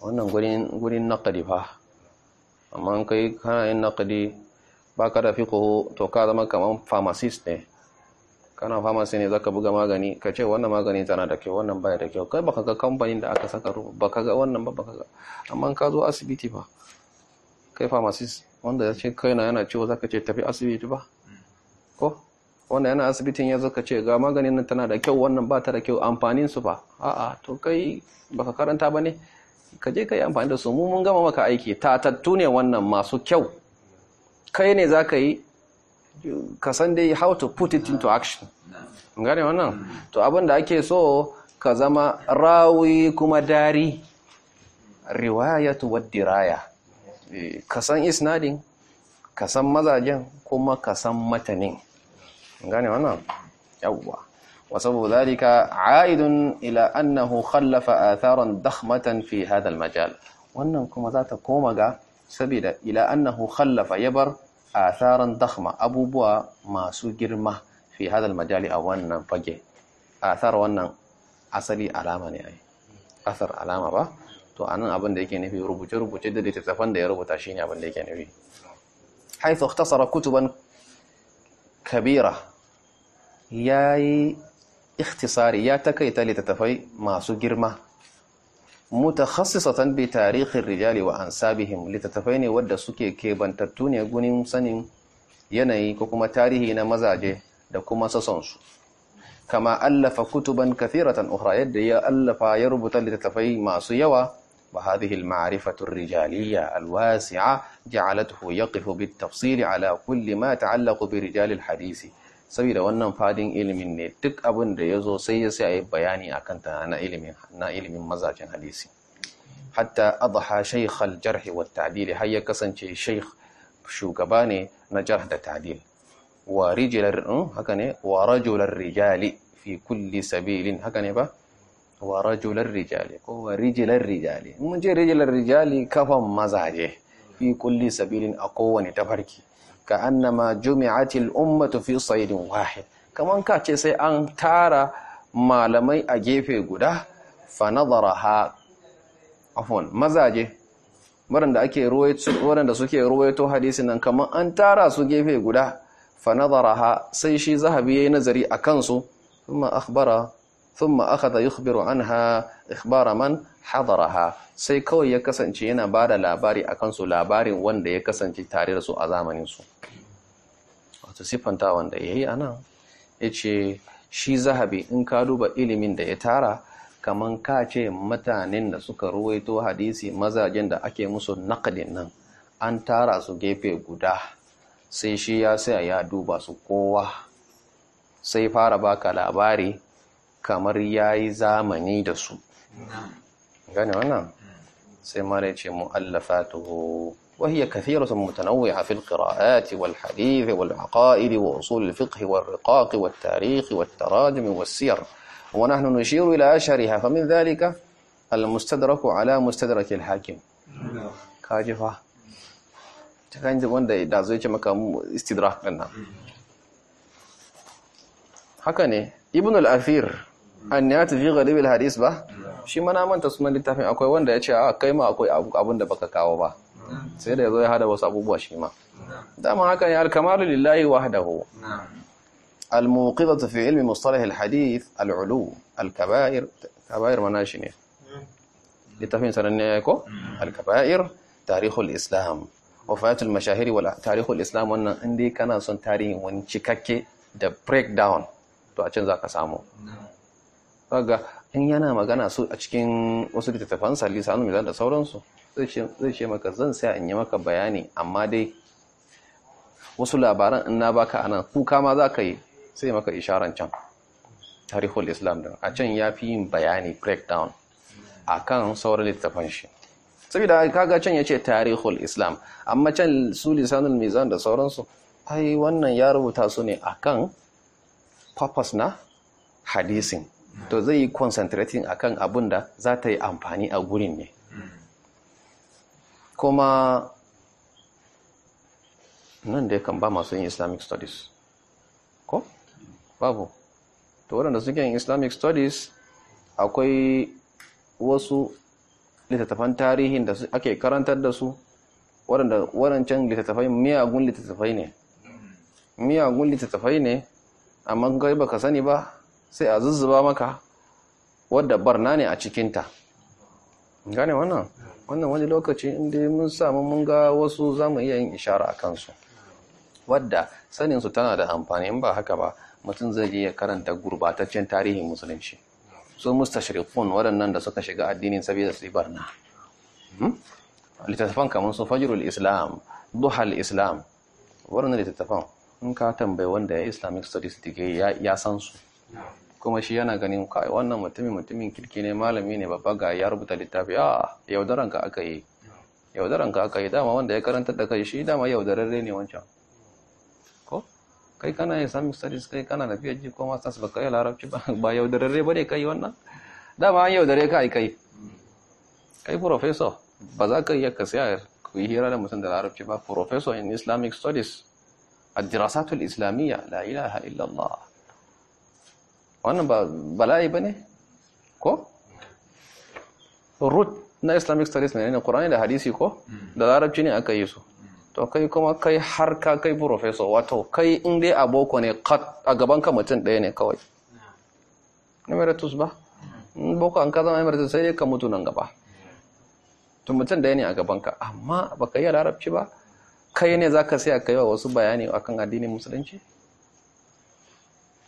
wannan gurin naƙadi fa amma kai kana yin naƙadi ba ka da fiqhu to ka zama kaman pharmacist ne kana pharmacy ne zaka buga magani ka ce wannan magani tana da kyau wannan baya da kyau kai baka ga kamfanin da aka saka ruwa baka ga wannan ba baka ga amma ka zo asibiti ba kai pharmacist wanda ya ce kai na yana ciwo zaka ce tafi asibiti ba ko wanda yana asibitin ya zaka ce ga maganin nan tana da kyau wannan ba ta da kyau amfanin su ba a'a to kai baka karanta ba ne ka je ka yi amfani da su mu mun gama maka aiki tatattu ne wannan masu kyau kai ne za ka yi ka san dai how to put it into action gane wannan to abinda ake so ka zama rawi kuma dari riwayatu waddiraya eh, ka san isnadin ka san mazajen kuma ka san matanin gane wannan yawwa وسبب ذلك عائد إلى أنه خلف آثارا ضخمة في هذا المجال wannan kuma za ta koma ga saboda ila annahu khallafa yabar atharan dakhma abubuwa masu girma fi hadal majali a wannan fage athar wannan asali alama ne ai asar alama ba to anan abin da yake nufi rubuce rubuce da littattafan da ya rubuta shine abin da yake nufi haythu ikhtasara kutuban kabira yayi ikhtisari ya takaita littattafai masu girma متخصصة بتاريخ الرجال وأنسابهم لتتفين ود سكي كيبان تتوني قني مسنين يني كوكما تاريخي نمزاجه دكما سسنس كما ألف كتبا كثيرة أخرى يد يألف يربط لتتفين ما سيوى وهذه المعرفة الرجالية الواسعة جعلته يقف بالتفصيل على كل ما تعلق برجال الحديث saboda wannan fadin ilimin ne duk abin da ya zo sai ya sai a yi bayani a kanta na ilimin na hadisi hatta adha shaykh al-jarh wa tadil har ya kasance shaykh shugaba ne na jarh da ta'dil wa rijlar hmm, haka ne wa rijali fi kulli sabilin haka ne ba wa ko wa mun je kafan mazaje fi kulli sabilin a kowane tafarki ka annama jumi'atil ummatu fi saydin wahid kaman ka ce sai an tara malamai a gefe guda fa nadaraha afwan mazaje waɗanda ake ruwaito waɗanda suke ruwaito hadisin nan kaman an tara su gefe guda fa nadaraha sai shi zahabi yayi nazari akan su thumma akhbara thumma akhadha yukhbiru anha ikhbara man hadaraha sai kawai ya kasance yana ba da labari a kansu labarin wanda ya kasance tare da su a zamaninsu wata siffanta wanda ya yi yace ya ce shi zahabi in ka duba ilimin da ya tara kamar ka ce mutanen da suka ruwaito hadisi mazajen da ake musu naƙadin nan an tara su gefe guda sai shi ya saya ya duba su kowa sai fara baka labari kamar ya yi zamani da su نعم. يعني أنا سيماريتش مؤلفاته وهي كثيرة متنوعة في القراءات والحديث والعقائد وأصول الفقه والرقاق والتاريخ والتراجم والسير ونحن نشير إلى أشهرها فمن ذلك المستدرك على مستدرك الحاكم كاجفة تكاين زبون دا إدازو مكام استدراك لنا هكذا ابن الأثير anniyatu fi ghalibil hadis ba shi mana manta sunan littafin akwai wanda ya ce a kai ma akwai abunda da baka kawo ba sai da yazo ya hada wasu abubuwa shi ma dama haka ne al lillahi wahdahu al fi ilmi mustalah al-hadith al al-kaba'ir mana shi ne littafin sananne ya ko al tarihul islam wafatul mashahiri wal tarihul islam wannan indai kana son tarihin wani cikakke da breakdown to a can zaka samu ga in yana magana su a cikin wasu littattafan salli hannu mizan da sauransu zai ce maka zan sai in yi maka bayani amma dai wasu labaran in na baka anan kuka ma za ka yi sai maka isharan can tarihul islam din a can ya fi yin bayani breakdown a kan sauran littattafan shi saboda kaga can ya ce tarihul islam amma can su lisanul mizan da sauransu ai wannan ya rubuta su ne akan purpose na hadisin to zai yi concentrating akan abin da za ta yi amfani a gurin ne kuma nan da kan ba masu yin islamic studies ko babu to waɗanda suke yin islamic studies akwai wasu littattafan tarihin da ake karantar da su waɗanda waɗancan littattafai miyagun littattafai ne miyagun littattafai ne amma kai ka sani ba sai a zuzzuba maka wadda barna ne a cikinta gane wannan wannan wani lokaci inda mun samu mun ga wasu za mu iya yin ishara a kansu wadda saninsu tana da amfani in ba haka ba mutum zai iya karanta gurbataccen tarihin musulunci musta shirifun waɗannan da suka shiga addinin saboda su yi barna hmm? littattafan kamar su fajirul islam duhal islam waɗannan littattafan in ka tambayi wanda ya islamic studies ya san su kuma shi yana ganin kai wannan mutumin mutumin kirki ne malami ne babba ga ya rubuta littafi a ah, yaudaran ka aka yi yaudaran ka aka yi dama wanda ya karanta da kai shi dama yaudararre ne wancan ko kai kana islamic studies kai kana da PhD ko masters ba kai larabci ba ba ne bane kai wannan dama an yaudare ka ai kai kai professor ba za ka iya ka saya ku yi hira da mutum da larabci ba professor in islamic studies الدراسات dirasatul islamiyya. la ilaha illallah wannan ba bala'i ba ne ko? root na islamic studies ne na ƙurani da hadisi ko da larabci ne aka yi su to kai kuma kai har ka kai professor wato kai inda dai aboko ne a gaban ka mutum ɗaya ne kawai emiratus ba boko an ka zama emeritus sai ka mutu nan gaba to mutum ɗaya ne a gaban ka amma ba ka yi larabci ba kai ne za ka sai a kai wa wasu bayani akan addinin musulunci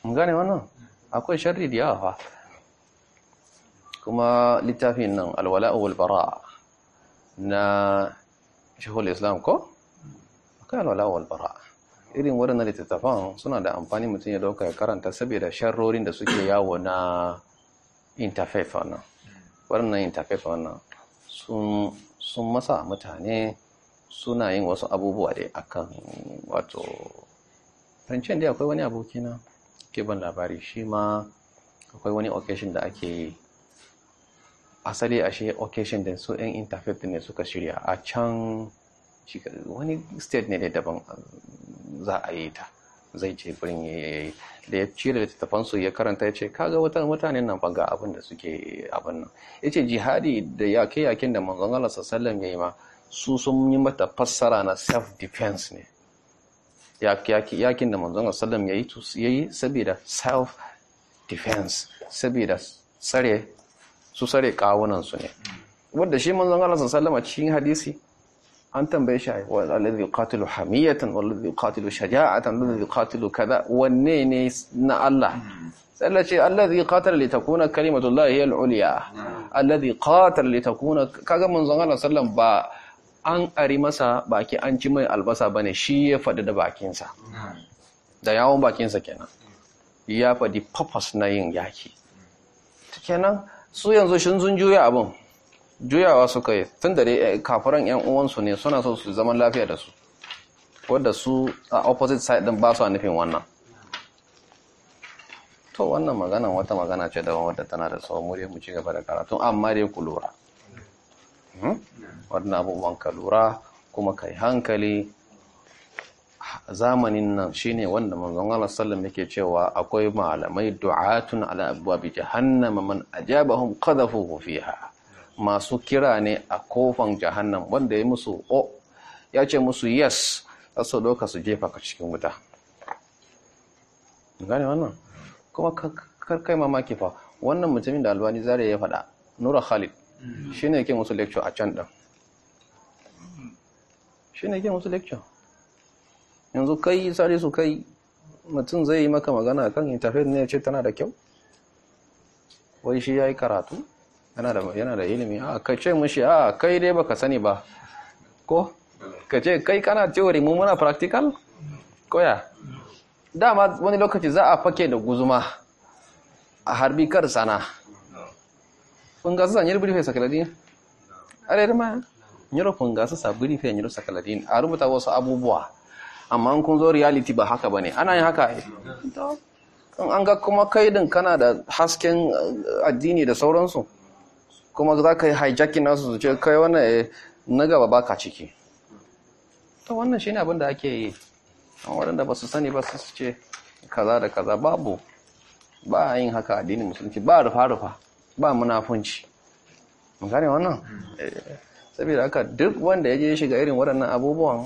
gane wannan akwai sharri da yawa kuma littafin nan alwala'u wal bara na shahul islam ko akwai alwala'u wal bara irin waɗannan littattafan suna da amfani mutum ya dauka ya karanta saboda sharrorin da suke yawo na interfaith wannan waɗannan interfaith wannan sun masa mutane suna yin wasu abubuwa dai akan wato rancen dai akwai wani abokina kiban ban labari shi ma akwai wani occasion da ake yi asali ashe occasion da su 'yan interfaith ne suka shirya a can wani state ne da daban um, za a yi ta zai ce birin ya yi da ya cire littattafansu ya karanta ya ce kaga wata mutanen nan fanga abin da suke abin nan ya ce jihadi da yake yakin da manzon Allah sallallahu ya yi ma su sun yi mata fassara na self defense ne yakin da manzon sallam yayi yayi saboda self defense saboda tsare su tsare kawunan ne Wadda shi manzon Allah a cikin hadisi an tambaye shi wa alladhi qatilu hamiyatan wa alladhi qatilu shaja'atan wa alladhi qatilu kaza wanne ne na Allah sai ce alladhi qatala li takuna kalimatullahi hiya al-ulya hmm. alladhi qatala li takuna kaga manzon Allah sallam ba an ari masa baki an ci mai albasa ba ne shi ya faɗi da bakinsa da yawon bakinsa kenan ya faɗi purpose na yin yaki kenan su yanzu shi sun juya abin juyawa suka yi tun da eh, kafiran 'yan uwansu ne suna so su zaman lafiya da su wadda su a opposite side din ba su nufin wannan to wannan magana wata magana ce da wadda tana da tsawon murya mu ci gaba da karatu amma dai ku lura Hmm? Wannan abubuwan ka lura kuma kai hankali zamanin nan shine wanda manzon Allah sallallahu yake cewa akwai malamai du'atun ala abwab jahannam man ajabahum qadhafuhu fiha masu kira ne a kofan jahannam wanda ya musu o oh, ya ce musu yes aso doka su jefa ka cikin wuta gane wannan kuma kai mamaki fa wannan mutumin da albani zare ya faɗa nura khalid shi ne ke musu lecture a can ɗan shi ne ke musu lecture yanzu kai sare su kai mutum zai yi maka magana kan interfet ne ce tana da kyau wai shi ya yi karatu yana da ilimi a ka ce mushi a kai dai baka sani ba ko ka ce kai kana teori mu muna practical koya dama wani lokaci za a fake da guzuma a harbi kar sana fungasu nyir birfe sakaladin are da ma nyiro fungasu sa brife nyiro sakaladin a rubuta wasu abubuwa amma kun zo reality ba haka ba ne. ana yin haka in an ga kuma kai din kana da hasken eh, addini da sauransu kuma za ka yi hijacking nasu su ce kai wannan eh, na gaba ba ka ciki to wannan ne abin da ake yi waɗanda ba su sani ba su ce kaza da kaza babu ba a yin haka addinin musulunci ba rufa-rufa ba munafunci mun gane wannan hmm. saboda haka duk wanda ya je shiga irin waɗannan abubuwan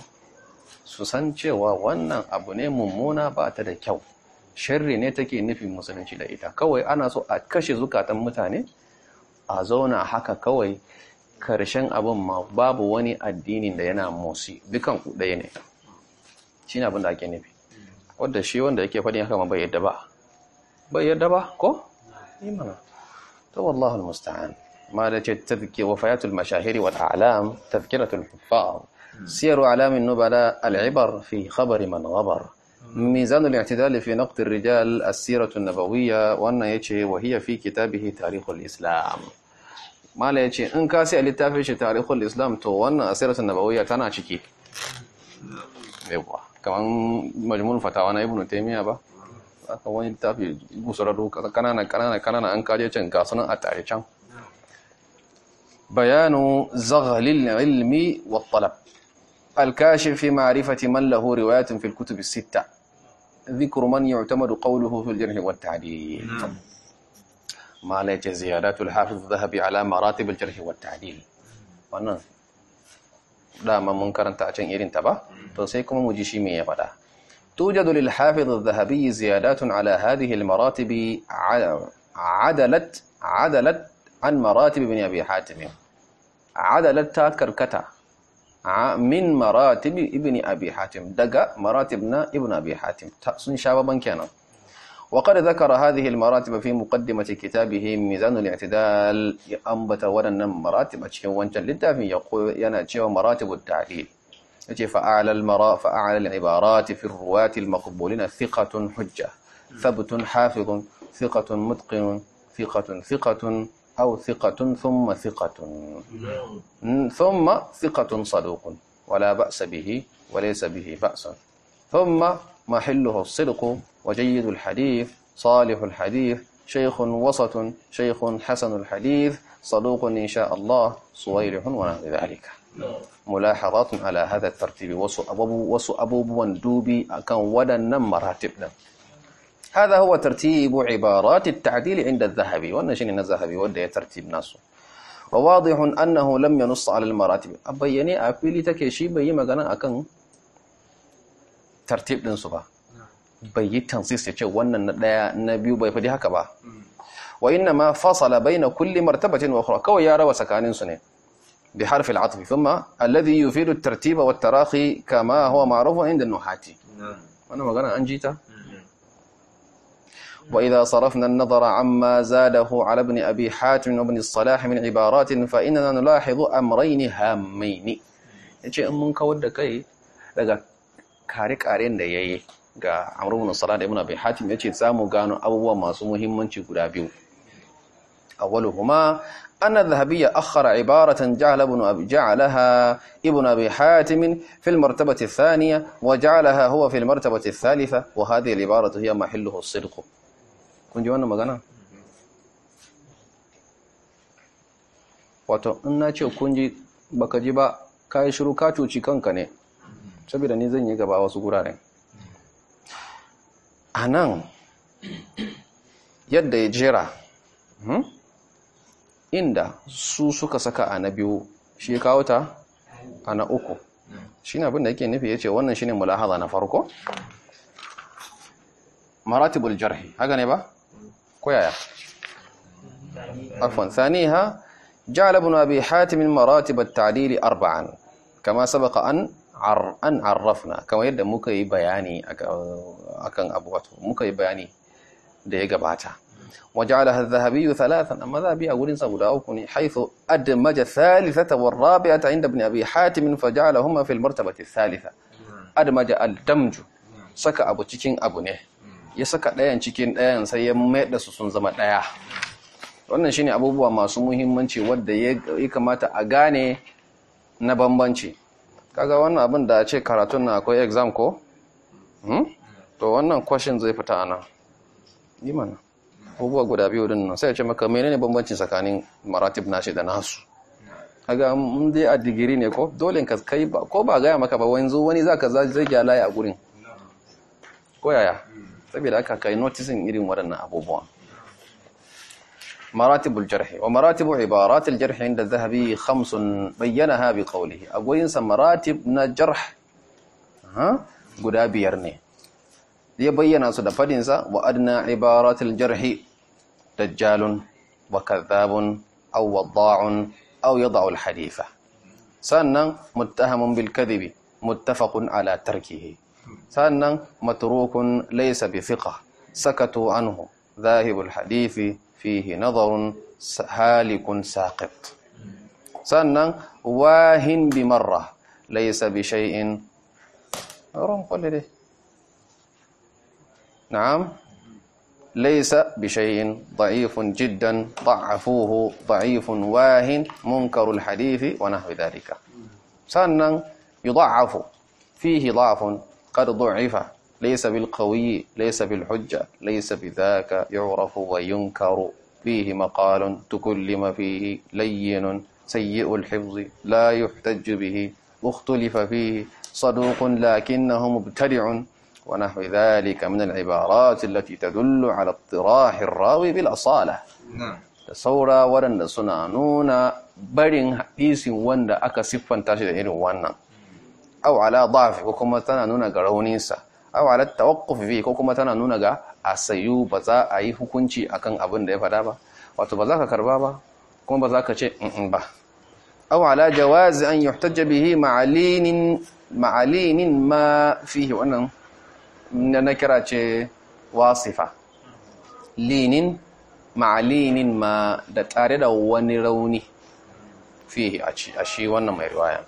su san cewa wannan abu ne mummuna ba ta da kyau sharri ne take nufin musulunci da ita kawai ana so a kashe zukatan mutane a zauna haka kawai karshen abin ma babu wani addinin da yana motsi dukan ɗaya ne shi ne abin da ake nufi hmm. wadda shi wanda yake faɗin haka ma bai yadda ba bai yadda ba ko? imana فوالله المستعان ما تذكر وفيات المشاهير والأعلام تذكرة الحفاظ سير أعلام النبلاء العبر في خبر من غبر ميزان الاعتدال في نقد الرجال السيرة النبوية وأن يجي وهي في كتابه تاريخ الإسلام ما لا إن كاسي اللي تاريخ الإسلام تو وأن السيرة النبوية تانا شكي نعم. أيوة. كمان مجموع فتاوانا ابن تيمية بقى aka wani tafi gusararru kanana kanana kanana an kaje can gasu nan a tare can bayanu zaghalil ilmi wa talab الكاشف في معرفة من له رواية في الكتب الستة ذكر من يعتمد قوله في الجرح والتعديل ما ليت زيادات الحافظ الذهبي على مراتب الجرح والتعديل wannan dama mun karanta a can irin ta ba hmm. to sai kuma mu ji shi me ya faɗa توجد للحافظ الذهبي زيادات على هذه المراتب عدلت عدلت عن مراتب ابن أبي حاتم عدلت كركتا من مراتب ابن أبي حاتم دقا مراتبنا ابن أبي حاتم سن شابا كان وقد ذكر هذه المراتب في مقدمة كتابه ميزان الاعتدال أنبت ورنا مراتب أشيوان في يقول ينا مراتب التعليل يجي فأعلى المراء فأعلى العبارات في الرواة المقبولين ثقة حجة ثبت حافظ ثقة متقن ثقة ثقة أو ثقة ثم ثقة ثم ثقة صدوق ولا بأس به وليس به بأس ثم محله الصدق وجيد الحديث صالح الحديث شيخ وسط شيخ حسن الحديث صدوق إن شاء الله صويلح ونحو ذلك mulaharatun ala hadha tartibi wasu abubu wasu abubuwan dubi akan wadannan maratib din هذا هو ترتيب عبارات التعديل عند الذهبي والنشين الذهبي وده يترتيب ناسه وواضح أنه لم ينص على المراتب أبيني أفيلي تكيشي بي مغانا أكن ترتيب دنسو با بي تنصيص يتشو وانا نبيو بي فدي هكا با وإنما فصل بين كل مرتبة أخرى كو يارا وسكانين سنين بحرف العطف ثم الذي يفيد الترتيب والتراخي كما هو معروف عند النحاة نعم أنا ما قلنا أنجيتا وإذا صرفنا النظر عما زاده على ابن أبي حاتم وابن الصلاح من عبارات فإننا نلاحظ أمرين هامين يجي من كود كاي دغا كاري daga ده karen da yayi ga Amr ibn Salah da Ibn Abi Hatim yace zamu gano abubuwa masu muhimmanci guda biyu awwaluhuma أن الذهبي أخر عبارة جعل ابن أبي جعلها ابن أبي حاتم في المرتبة الثانية وجعلها هو في المرتبة الثالثة وهذه العبارة هي محله الصدق كنت جوانا مغانا wato ina ce kunji baka ji ba kai shiru ka cuci kanka ne saboda ni zan yi gaba wasu inda su suka saka a na biyu shi ya kawo ta a na uku shi na abinda yake nufi ya ce wannan shi ne mulahaza na farko maratibul jarhi haka ne ba? koyaya afon sani ja'ala ibn abi hatim min maratib at-ta'dil arba'an kama sabaqa an an arrafna kama yadda muka yi bayani akan abu wato muka yi bayani da ya gabata waj'alaha adh-dhahabi thalathan amma dhahabi aqulin sabuda aw kuni haythu adamaja thalithata war-rabi'ata 'inda ibn abi hatim faj'alahuma fi al-martabati ath-thalitha adamaja al-damju saka abu cikin abu ne ya saka ɗayan cikin ɗayan sai ya maida su sun zama ɗaya. wannan shine abubuwa masu muhimmanci wanda ya kamata a gane na bambanci kaga wannan abin da ce karatun na akwai exam ko to wannan question zai fita ana yi abubuwa guda biyu din nan sai ya ce maka menene bambancin tsakanin maratib nashi da nasu kaga mun dai a digiri ne ko dole ka kai ba ko ba gaya maka ba wanzu wani zaka zage layi a gurin ko yaya saboda aka kai noticing irin waɗannan abubuwa مراتب الجرح ومراتب عبارات الجرح عند الذهبي خمس بينها بقوله أقول إنسان مراتب من الجرح ها biyar ne. ya bayyana su da fadinsa wa adna ibaratul jarhi dajjalun wa kadhabun aw wadda'un aw yad'u al hadifa sannan muttahamun bil kadhibi muttafaqun ala tarkihi sannan matrukun laysa bi thiqah sakatu anhu dhahibul hadifi fihi nadarun halikun saqit sannan wahin bi marra laysa bi shay'in نعم ليس بشيء ضعيف جدا ضعفوه ضعيف واهن منكر الحديث ونحو ذلك سنا يضعف فيه ضعف قد ضعف ليس بالقوي ليس بالحجة ليس بذاك يعرف وينكر فيه مقال تكلم فيه لين سيء الحفظ لا يحتج به اختلف فيه صدوق لكنه مبتدع ونحو ذلك من العبارات التي تدل على اطراح الراوي بالأصالة saura waɗanda suna nuna barin hadisin wanda aka siffanta shi da irin wannan aw ala da'fi ko kuma tana nuna ga rauninsa aw ala tawaqquf ko kuma tana nuna ga asayu ba za a yi hukunci akan abin ya faɗa ba wato ba za ka karba ba kuma ba za ka ce mm, mm, jawazi an yuhtajja ma'alinin ma'alinin ma wannan نكرة واصفة لين مع لين ما تارد ونروني فيه أشي وانا ما رواية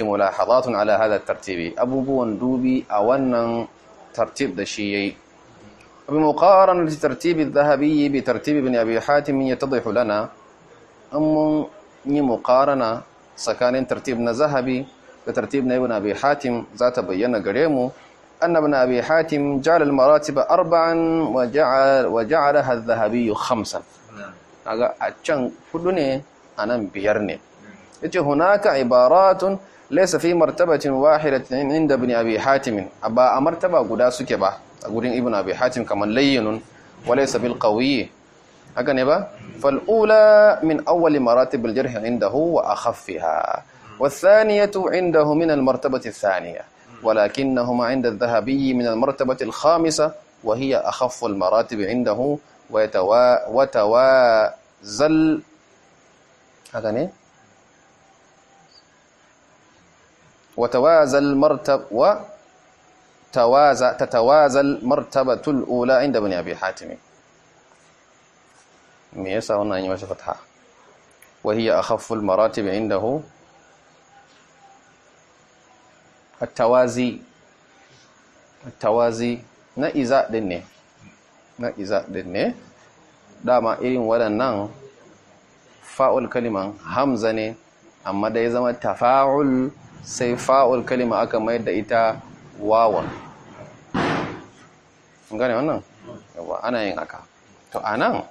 ملاحظات على هذا الترتيب أبو بون دوبي أولا ترتيب ده شيء بمقارنة ترتيب الذهبي بترتيب ابن أبي حاتم يتضح لنا أم مقارنة سكان ترتيبنا ذهبي da ابن أبي حاتم abi hatim za أن ابن أبي حاتم wa المراتب أربعا وجعل وجعلها الذهبي خمسا kaga a can hudu ne a nan biyar ne yace hunaka ibaratun laysa fi martabatin wahidatin inda ibn abi hatim ba a martaba guda suke ba a gurin ibn abi hatim kaman layyinun wa laysa bil qawi haka ne ba fal ula min awwal maratib al jarh indahu wa akhaffiha والثانية عنده من martabati saniya. ولكنهما عند الذهبي من المرتبة الخامسة وهي أخف المراتب عنده ويتوا وتوازل هذا نه وتوازى المرتب وتوازى تتوازى المرتبة الأولى عند ابن أبي حاتم ميسا هنا فتحة وهي أخف المراتب عنده attawazi attawazi na iza din ne na iza din ne dama irin waɗannan fa'ul kaliman hamza ne amma da ya zama tafa'ul sai fa'ul kalima aka mayar da ita wawan gane wannan yawa ana yin haka to anan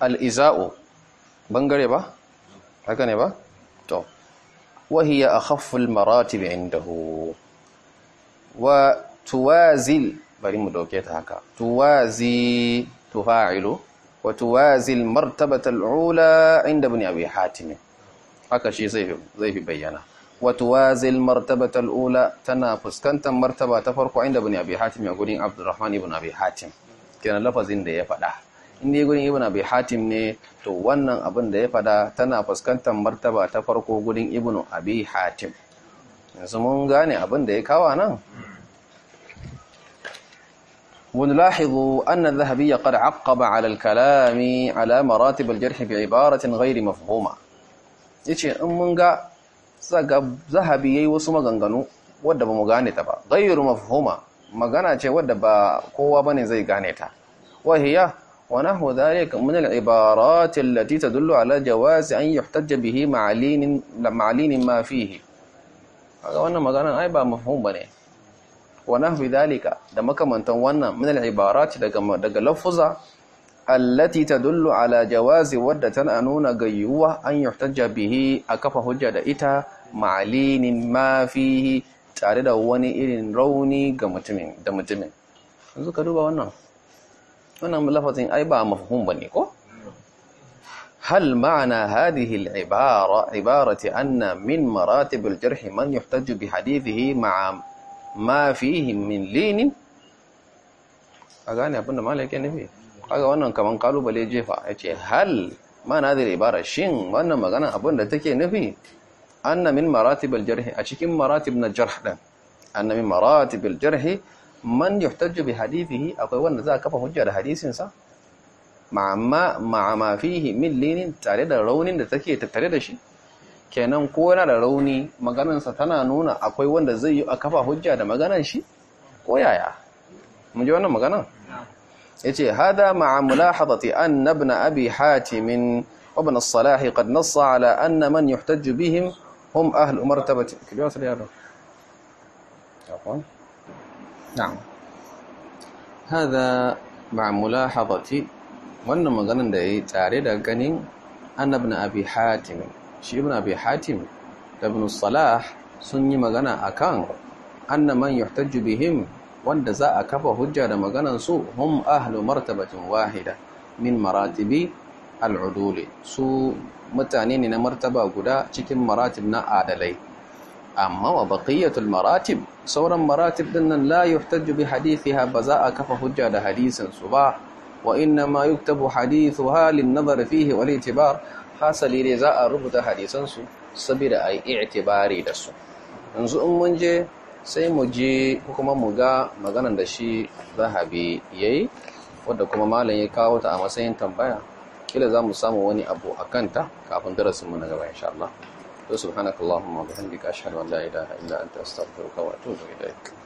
al'iza'u bangare ba haka ne ba وهي أخف المراتب عنده وتوازي بريم دوكيتها هكا توازي تفاعل وتوازي المرتبة الأولى عند ابن أبي حاتم هكا شيء زي زي في بيانه وتوازي المرتبة الأولى تنافس كانت مرتبة تفرق عند ابن أبي حاتم يقولين عبد الرحمن بن أبي حاتم كان لفظ ده يفعله in ya gurin ibn abi hatim ne to wannan abin da ya fada tana fuskantar martaba ta farko gurin ibn abi hatim yanzu mun gane abin da ya kawa nan Wani ونلاحظ أن الذهبي قد عقب على الكلام على مراتب الجرح بعبارة غير ya yace in mun ga zahabi zahabi yi wasu maganganu wadda ba mu gane ta ba ghayru mafhuma magana ce wadda ba kowa bane zai gane ta wahiya ونحو ذلك من العبارات التي تدل على جواز أن يحتج به معلين ما فيه haka wannan maganan ai ba mafhum bane wa nahwi dhalika da makamantar wannan min al daga daga lafuza allati tadullu ala jawazi wadda tana nuna gayyuwa an yuhtajja bihi a kafa hujja da ita ma'alinin ma tare da wani irin rauni ga mutumin da mutumin duba wannan فنم لفظ أيبا مفهوم بنيكو هل معنى هذه العبارة عبارة أن من مراتب الجرح من يحتج بحديثه مع ما فيه من لين أغاني أبنى ما لك نبي يعني أغاني كمان قالوا بلي جيفا هل ما هذه العبارة شين وأنا ما غانا أبنى لك نبي يعني أن من مراتب الجرح أشكي مراتب الجرح أن أن من مراتب الجرح man yuhtaju bi hadithihi akwai wanda za a kafa hujja da hadisinsa ma'amma ma'ama fihi min linin tare da raunin da take tattare da shi kenan ko yana da rauni maganarsa tana nuna akwai wanda zai yi a kafa hujja da maganar shi ko yaya mun ji wannan maganar yace hada ma'a mulahadati anna ibn abi hatim wa ibn salah qad nassa ala anna man yuhtaju bihim hum ahli martabati kidan sai yaro na'am hada مع ملاحظتي wannan maganan da yayi tare da ganin annab na abi shi ibn abi hatim da ibn salah sun yi magana a akan anna man yuhtaju bihim wanda za a kafa hujja da maganan su hum ahlu martabatin wahida min maratibi al su mutane ne na martaba guda cikin maratib na adalai amma wa baqiyatul maratib sauran maratib din nan la yuhtaju bi hadithiha ba za a kafa hujja da hadisin su ba wa inna ma yuktabu hadithuha halin nazar fihi wal itibar hasali ne za a rubuta hadisan su saboda ai i'tibari da su yanzu in mun je sai mu je kuma mu ga maganan da shi zahabi yayi wanda kuma malam ya kawo ta a matsayin tambaya kila za mu samu wani abu a kanta kafin darasin mu na gaba insha Allah سبحانك اللهم وبحمدك أشهد أن لا إله إلا أنت أستغفرك وأتوب إليك